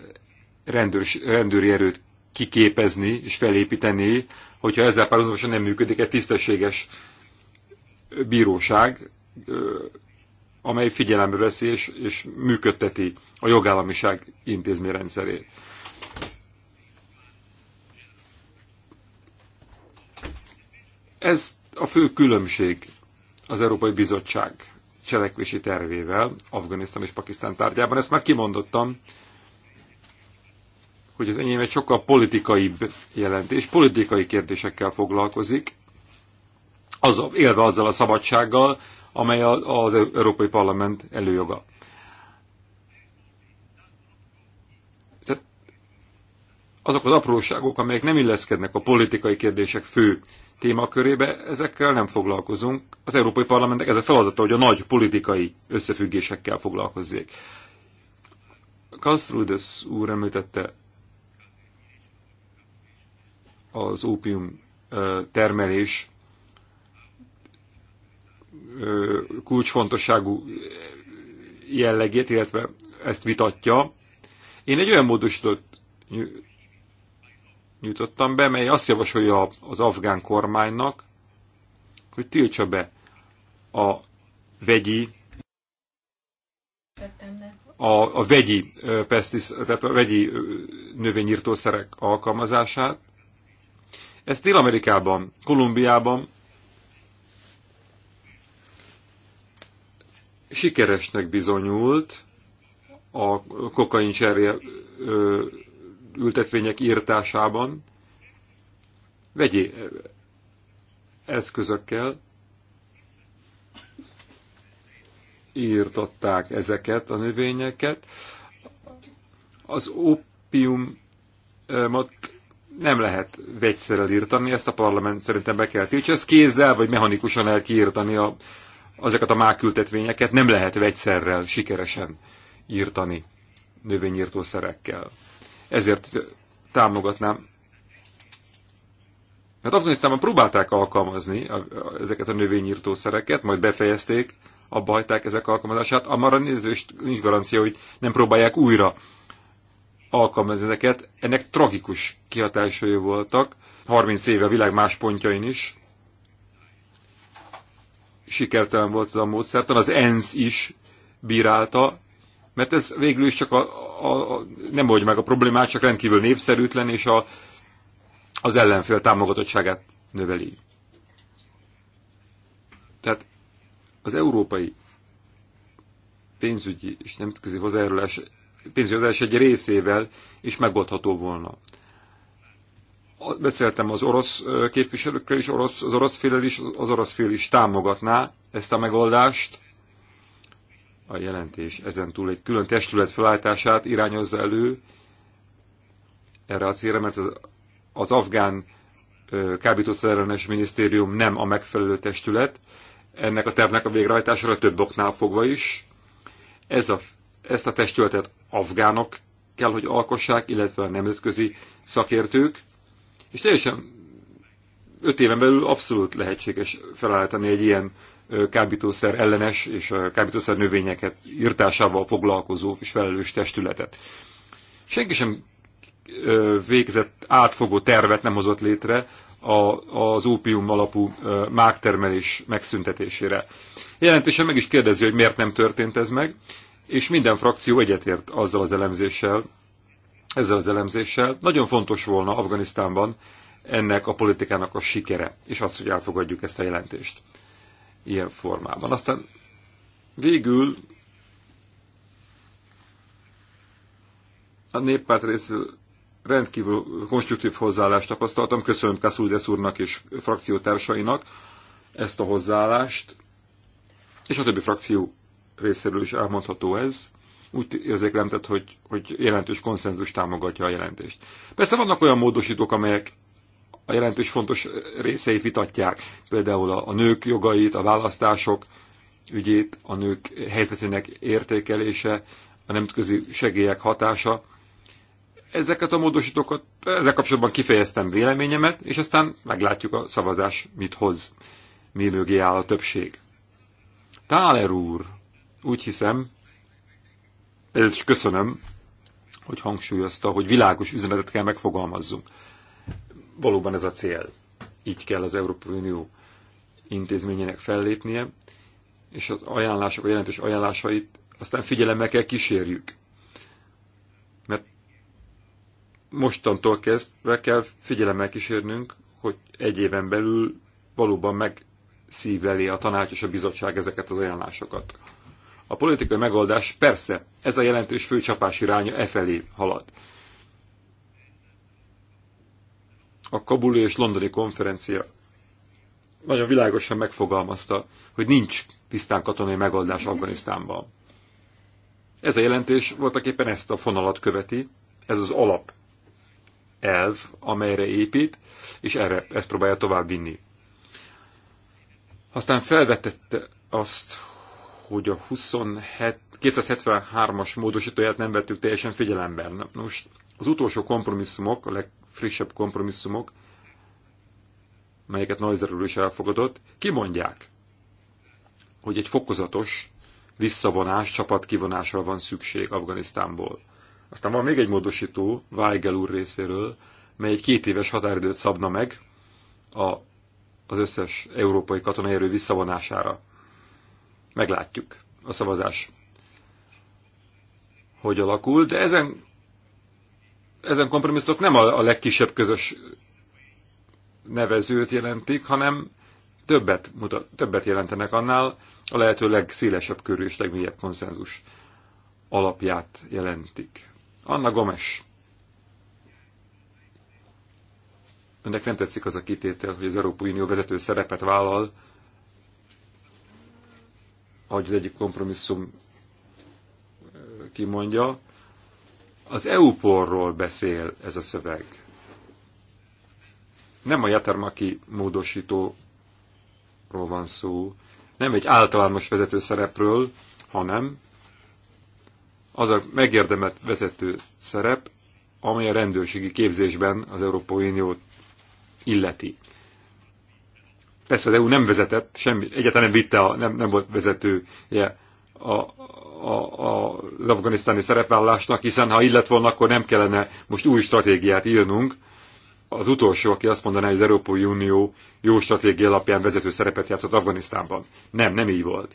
Speaker 3: rendőr rendőri erőt kiképezni és felépíteni, hogyha ezzel párhuzamosan nem működik egy tisztességes bíróság, amely figyelembe veszi és, és működteti a jogállamiság intézményrendszerét. Ez a fő különbség az Európai Bizottság cselekvési tervével Afganisztán és Pakisztán tárgyában. Ezt már kimondottam, hogy az enyém egy sokkal politikaibb jelentés, politikai kérdésekkel foglalkozik, az, élve azzal a szabadsággal, amely az Európai Parlament előjoga. Tehát azok az apróságok, amelyek nem illeszkednek a politikai kérdések fő témakörébe, ezekkel nem foglalkozunk. Az Európai Parlamentnek ez a feladata, hogy a nagy politikai összefüggésekkel foglalkozzék. Kastrudes úr említette az ópium termelés kulcsfontosságú jellegét, illetve ezt vitatja. Én egy olyan módosított nyújtottam be, mely azt javasolja az afgán kormánynak, hogy tiltsa be a vegyi a, a vegyi pesztis, tehát a vegyi növényírtószerek alkalmazását. Ez Dél-Amerikában, Kolumbiában sikeresnek bizonyult a kokain cserje ültetvények írtásában vegyi eszközökkel írtották ezeket a növényeket. Az opiumot nem lehet vegyszerrel írtani, ezt a parlament szerintem be kell tiltsa, ezt kézzel vagy mechanikusan el kiírtani a azokat a mákültetvényeket nem lehet vegyszerrel sikeresen írtani növényírtószerekkel. Ezért támogatnám. Mert Afganisztánban próbálták alkalmazni a, a, ezeket a növényírtószereket, majd befejezték, abba hagyták ezek alkalmazását, amara nézős nincs garancia, hogy nem próbálják újra alkalmazni ezeket. Ennek tragikus kihatásai voltak, 30 éve a világ más pontjain is, sikertelen volt ez a módszertan, az ENSZ is bírálta, mert ez végül is csak a, a, a nem oldja meg a problémát, csak rendkívül népszerűtlen, és a, az ellenfél támogatottságát növeli. Tehát az európai pénzügyi és nemzetközi hozzájárulás pénzügyi hozzájárulás egy részével is megoldható volna Beszéltem az orosz képviselőkkel is, orosz, az orosz fél is, az orosz fél is támogatná ezt a megoldást. A jelentés ezen túl egy külön testület felállítását irányozza elő erre a célra, mert az, az afgán kábítószerellenes minisztérium nem a megfelelő testület, ennek a tervnek a végrehajtására több oknál fogva is. Ez a, ezt a testületet afgánok kell, hogy alkossák, illetve a nemzetközi szakértők, és teljesen öt éven belül abszolút lehetséges felállítani egy ilyen kábítószer ellenes és kábítószer növényeket írtásával foglalkozó és felelős testületet. Senki sem végzett átfogó tervet nem hozott létre a, az ópium alapú mágtermelés megszüntetésére. Jelentősen meg is kérdezi, hogy miért nem történt ez meg, és minden frakció egyetért azzal az elemzéssel, ezzel az elemzéssel. Nagyon fontos volna Afganisztánban ennek a politikának a sikere, és az, hogy elfogadjuk ezt a jelentést ilyen formában. Aztán végül a néppárt részéről rendkívül konstruktív hozzáállást tapasztaltam. Köszönöm Kasszúdesz úrnak és frakciótársainak ezt a hozzáállást, és a többi frakció részéről is elmondható ez úgy érzékelem, tehát, hogy, hogy jelentős konszenzus támogatja a jelentést. Persze vannak olyan módosítók, amelyek a jelentős fontos részeit vitatják, például a, a nők jogait, a választások ügyét, a nők helyzetének értékelése, a nemzetközi segélyek hatása. Ezeket a módosítókat, ezzel kapcsolatban kifejeztem véleményemet, és aztán meglátjuk a szavazás mit hoz, mi mögé áll a többség. Táler úr, úgy hiszem, ezért is köszönöm, hogy hangsúlyozta, hogy világos üzenetet kell megfogalmazzunk. Valóban ez a cél. Így kell az Európai Unió intézményének fellépnie, és az ajánlások, a jelentős ajánlásait aztán figyelemmel kell kísérjük. Mert mostantól kezdve kell figyelemmel kísérnünk, hogy egy éven belül valóban megszívleli a tanács és a bizottság ezeket az ajánlásokat. A politikai megoldás persze, ez a jelentős főcsapás iránya e felé halad. A kabuli és londoni konferencia nagyon világosan megfogalmazta, hogy nincs tisztán katonai megoldás Afganisztánban. Ez a jelentés voltak éppen ezt a fonalat követi, ez az alap elv, amelyre épít, és erre ezt próbálja tovább vinni. Aztán felvetette azt, hogy a 27, 273-as módosítóját nem vettük teljesen figyelembe. Most az utolsó kompromisszumok, a legfrissebb kompromisszumok, melyeket Neuserről is elfogadott, kimondják, hogy egy fokozatos visszavonás, csapat kivonásra van szükség Afganisztánból. Aztán van még egy módosító, Weigel úr részéről, mely egy két éves határidőt szabna meg a, az összes európai katonai erő visszavonására Meglátjuk a szavazás, hogy alakul, de ezen, ezen kompromisszok nem a, a legkisebb közös nevezőt jelentik, hanem többet, mutat, többet jelentenek annál, a lehető legszélesebb körű és legmélyebb konszenzus alapját jelentik. Anna Gomes. Önnek nem tetszik az a kitétel, hogy az Európai Unió vezető szerepet vállal ahogy az egyik kompromisszum kimondja, az EU-porról beszél ez a szöveg. Nem a Jatermaki módosítóról van szó, nem egy általános vezető szerepről, hanem az a megérdemelt vezető szerep, amely a rendőrségi képzésben az Európai Uniót illeti. Persze az EU nem vezetett, semmi, egyáltalán nem vitte, a, nem, nem volt vezetője a, a, a, az afganisztáni szerepvállalásnak, hiszen ha illet volna, akkor nem kellene most új stratégiát írnunk. Az utolsó, aki azt mondaná, hogy az Európai Unió jó stratégia alapján vezető szerepet játszott Afganisztánban. Nem, nem így volt.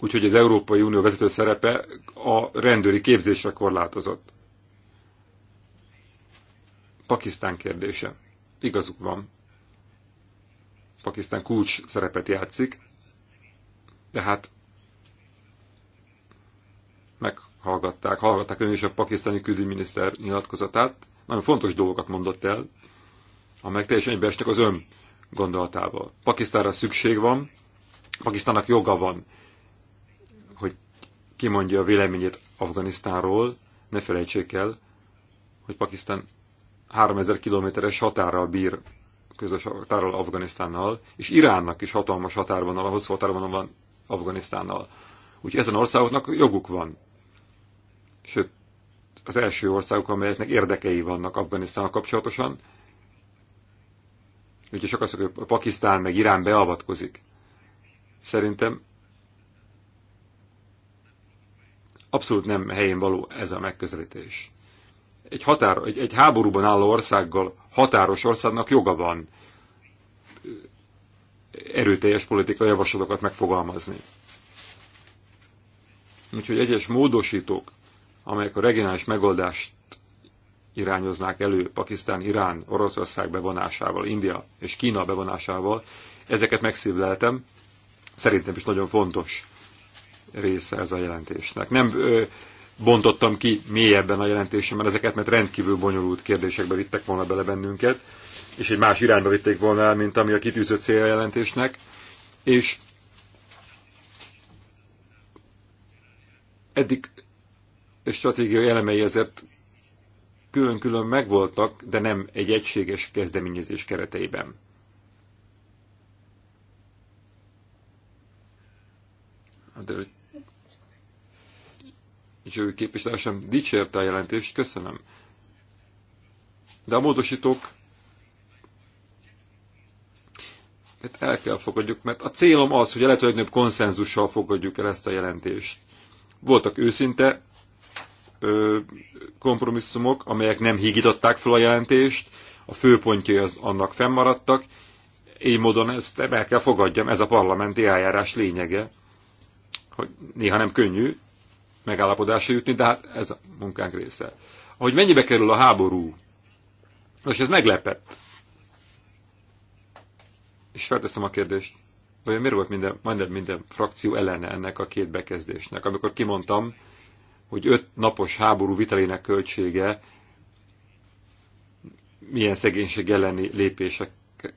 Speaker 3: Úgyhogy az Európai Unió vezető szerepe a rendőri képzésre korlátozott. Pakisztán kérdése. Igazuk van. Pakisztán kulcs szerepet játszik, de hát meghallgatták, hallgatták ön is a pakisztáni külügyminiszter nyilatkozatát, nagyon fontos dolgokat mondott el, amelyek teljesen egybeestek az ön gondolatával. Pakisztánra szükség van, Pakisztánnak joga van, hogy kimondja a véleményét Afganisztánról, ne felejtsék el, hogy Pakisztán 3000 kilométeres határral bír közös határral Afganisztánnal, és Iránnak is hatalmas határvonal, hosszú határvonal van Afganisztánnal. Úgyhogy ezen országoknak joguk van. Sőt, az első országok, amelyeknek érdekei vannak Afganisztánnal kapcsolatosan. Ugye sok az, hogy Pakisztán meg Irán beavatkozik. Szerintem abszolút nem helyén való ez a megközelítés egy, határ, egy, egy háborúban álló országgal határos országnak joga van eh, erőteljes politikai javaslatokat megfogalmazni. Úgyhogy egyes módosítók, amelyek a regionális megoldást irányoznák elő Pakisztán, Irán, Oroszország bevonásával, India és Kína bevonásával, ezeket megszívleltem. Szerintem is nagyon fontos része ez a jelentésnek. Nem ö, bontottam ki mélyebben a jelentésemben ezeket, mert rendkívül bonyolult kérdésekbe vittek volna bele bennünket, és egy más irányba vitték volna el, mint ami a kitűzött célja a jelentésnek, és eddig stratégiai elemei ezért külön-külön megvoltak, de nem egy egységes kezdeményezés kereteiben. De és ő képviselősen dicsérte a jelentést, köszönöm. De a módosítók hát el kell fogadjuk, mert a célom az, hogy a lehető legnagyobb konszenzussal fogadjuk el ezt a jelentést. Voltak őszinte ö, kompromisszumok, amelyek nem hígították fel a jelentést, a főpontjai az, annak fennmaradtak, Én módon ezt el kell fogadjam, ez a parlamenti eljárás lényege, hogy néha nem könnyű, megállapodásra jutni, de hát ez a munkánk része. Ahogy mennyibe kerül a háború, most ez meglepett. És felteszem a kérdést, hogy miért volt minden, majdnem minden frakció ellene ennek a két bekezdésnek, amikor kimondtam, hogy öt napos háború vitelének költsége milyen szegénység elleni lépések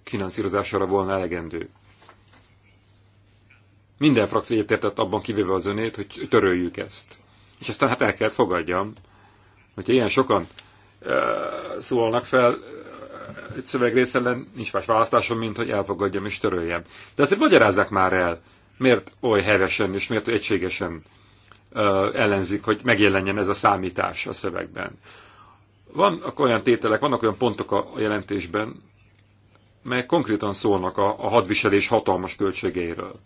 Speaker 3: finanszírozására volna elegendő. Minden frakció egyetértett abban kivéve az önét, hogy töröljük ezt. És aztán hát el kellett fogadjam, hogyha ilyen sokan uh, szólnak fel uh, egy szövegrész ellen, nincs más választásom, mint hogy elfogadjam és töröljem. De azért magyarázzák már el, miért oly hevesen és miért egységesen uh, ellenzik, hogy megjelenjen ez a számítás a szövegben. Vannak olyan tételek, vannak olyan pontok a jelentésben, melyek konkrétan szólnak a, a hadviselés hatalmas költségeiről.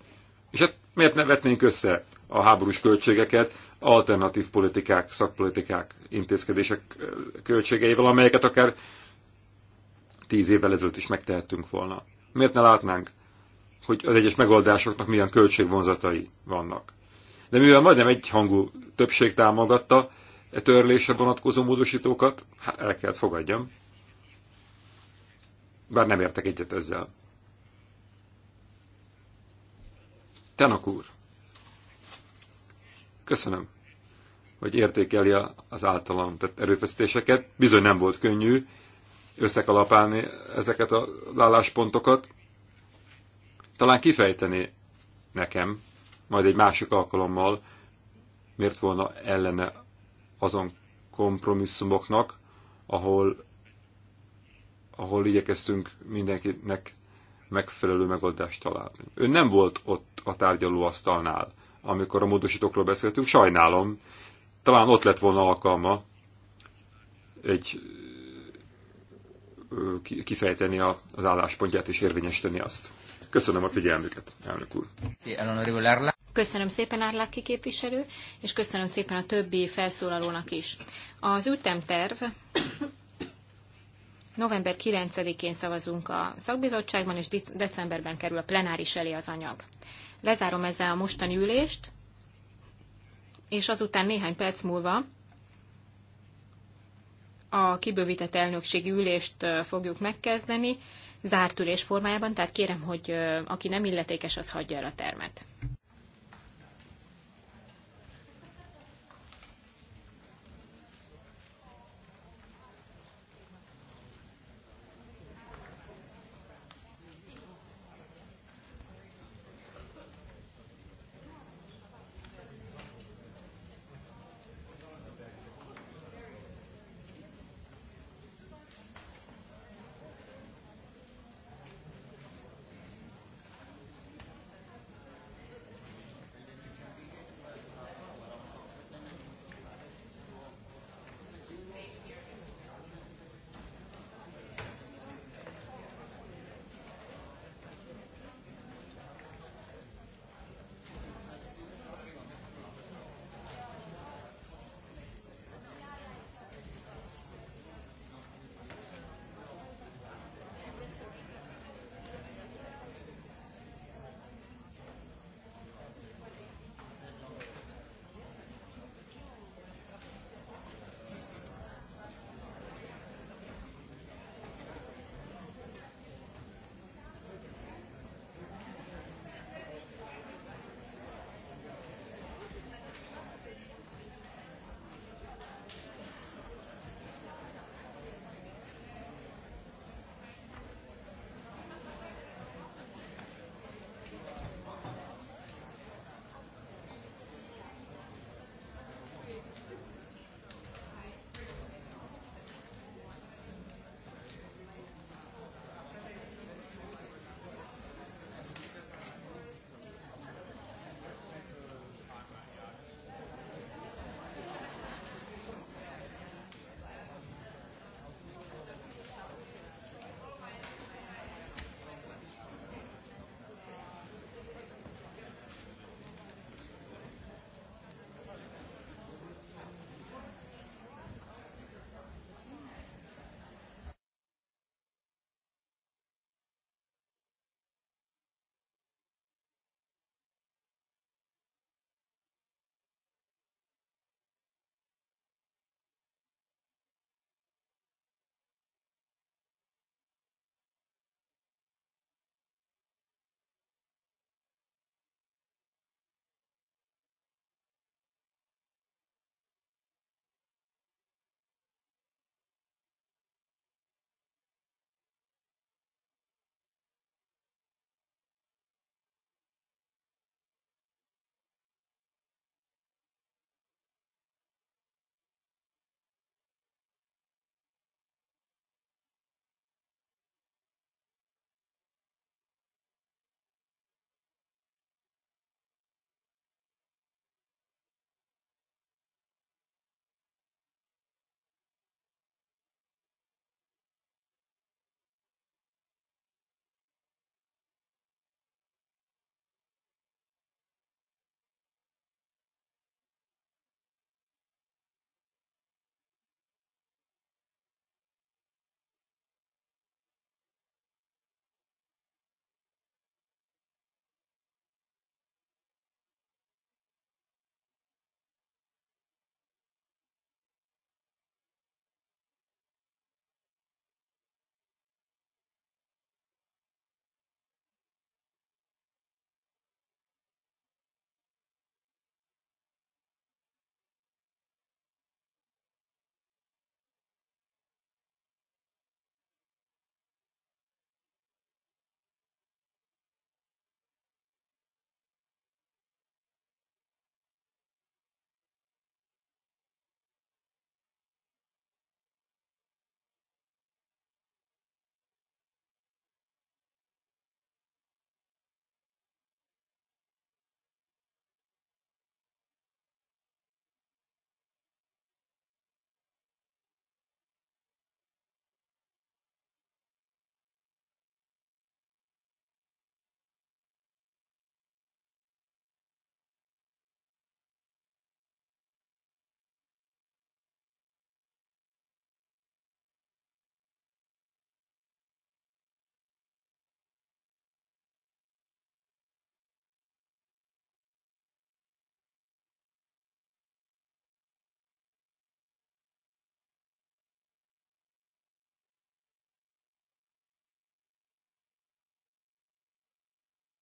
Speaker 3: És hát miért ne vetnénk össze a háborús költségeket alternatív politikák, szakpolitikák, intézkedések költségeivel, amelyeket akár tíz évvel ezelőtt is megtehettünk volna. Miért ne látnánk, hogy az egyes megoldásoknak milyen költségvonzatai vannak? De mivel majdnem hangú többség támogatta e törlése vonatkozó módosítókat, hát el kellett fogadjam. Bár nem értek egyet ezzel. Tenak úr, köszönöm, hogy értékeli az általam tett erőfeszítéseket. Bizony nem volt könnyű összekalapálni ezeket a álláspontokat. Talán kifejteni nekem, majd egy másik alkalommal, miért volna ellene azon kompromisszumoknak, ahol, ahol igyekeztünk mindenkinek megfelelő megoldást találni. Ő nem volt ott a tárgyalóasztalnál, amikor a módosítókról beszéltünk, sajnálom. Talán ott lett volna alkalma egy kifejteni az álláspontját és érvényesíteni azt. Köszönöm a figyelmüket, elnök úr.
Speaker 2: Köszönöm szépen Árláki képviselő, és köszönöm szépen a többi felszólalónak is. Az ütemterv November 9-én szavazunk a szakbizottságban, és decemberben kerül a plenáris elé az anyag. Lezárom ezzel a mostani ülést, és azután néhány perc múlva a kibővített elnökségi ülést fogjuk megkezdeni, zárt ülés formájában, tehát kérem, hogy aki nem illetékes, az hagyja el a termet.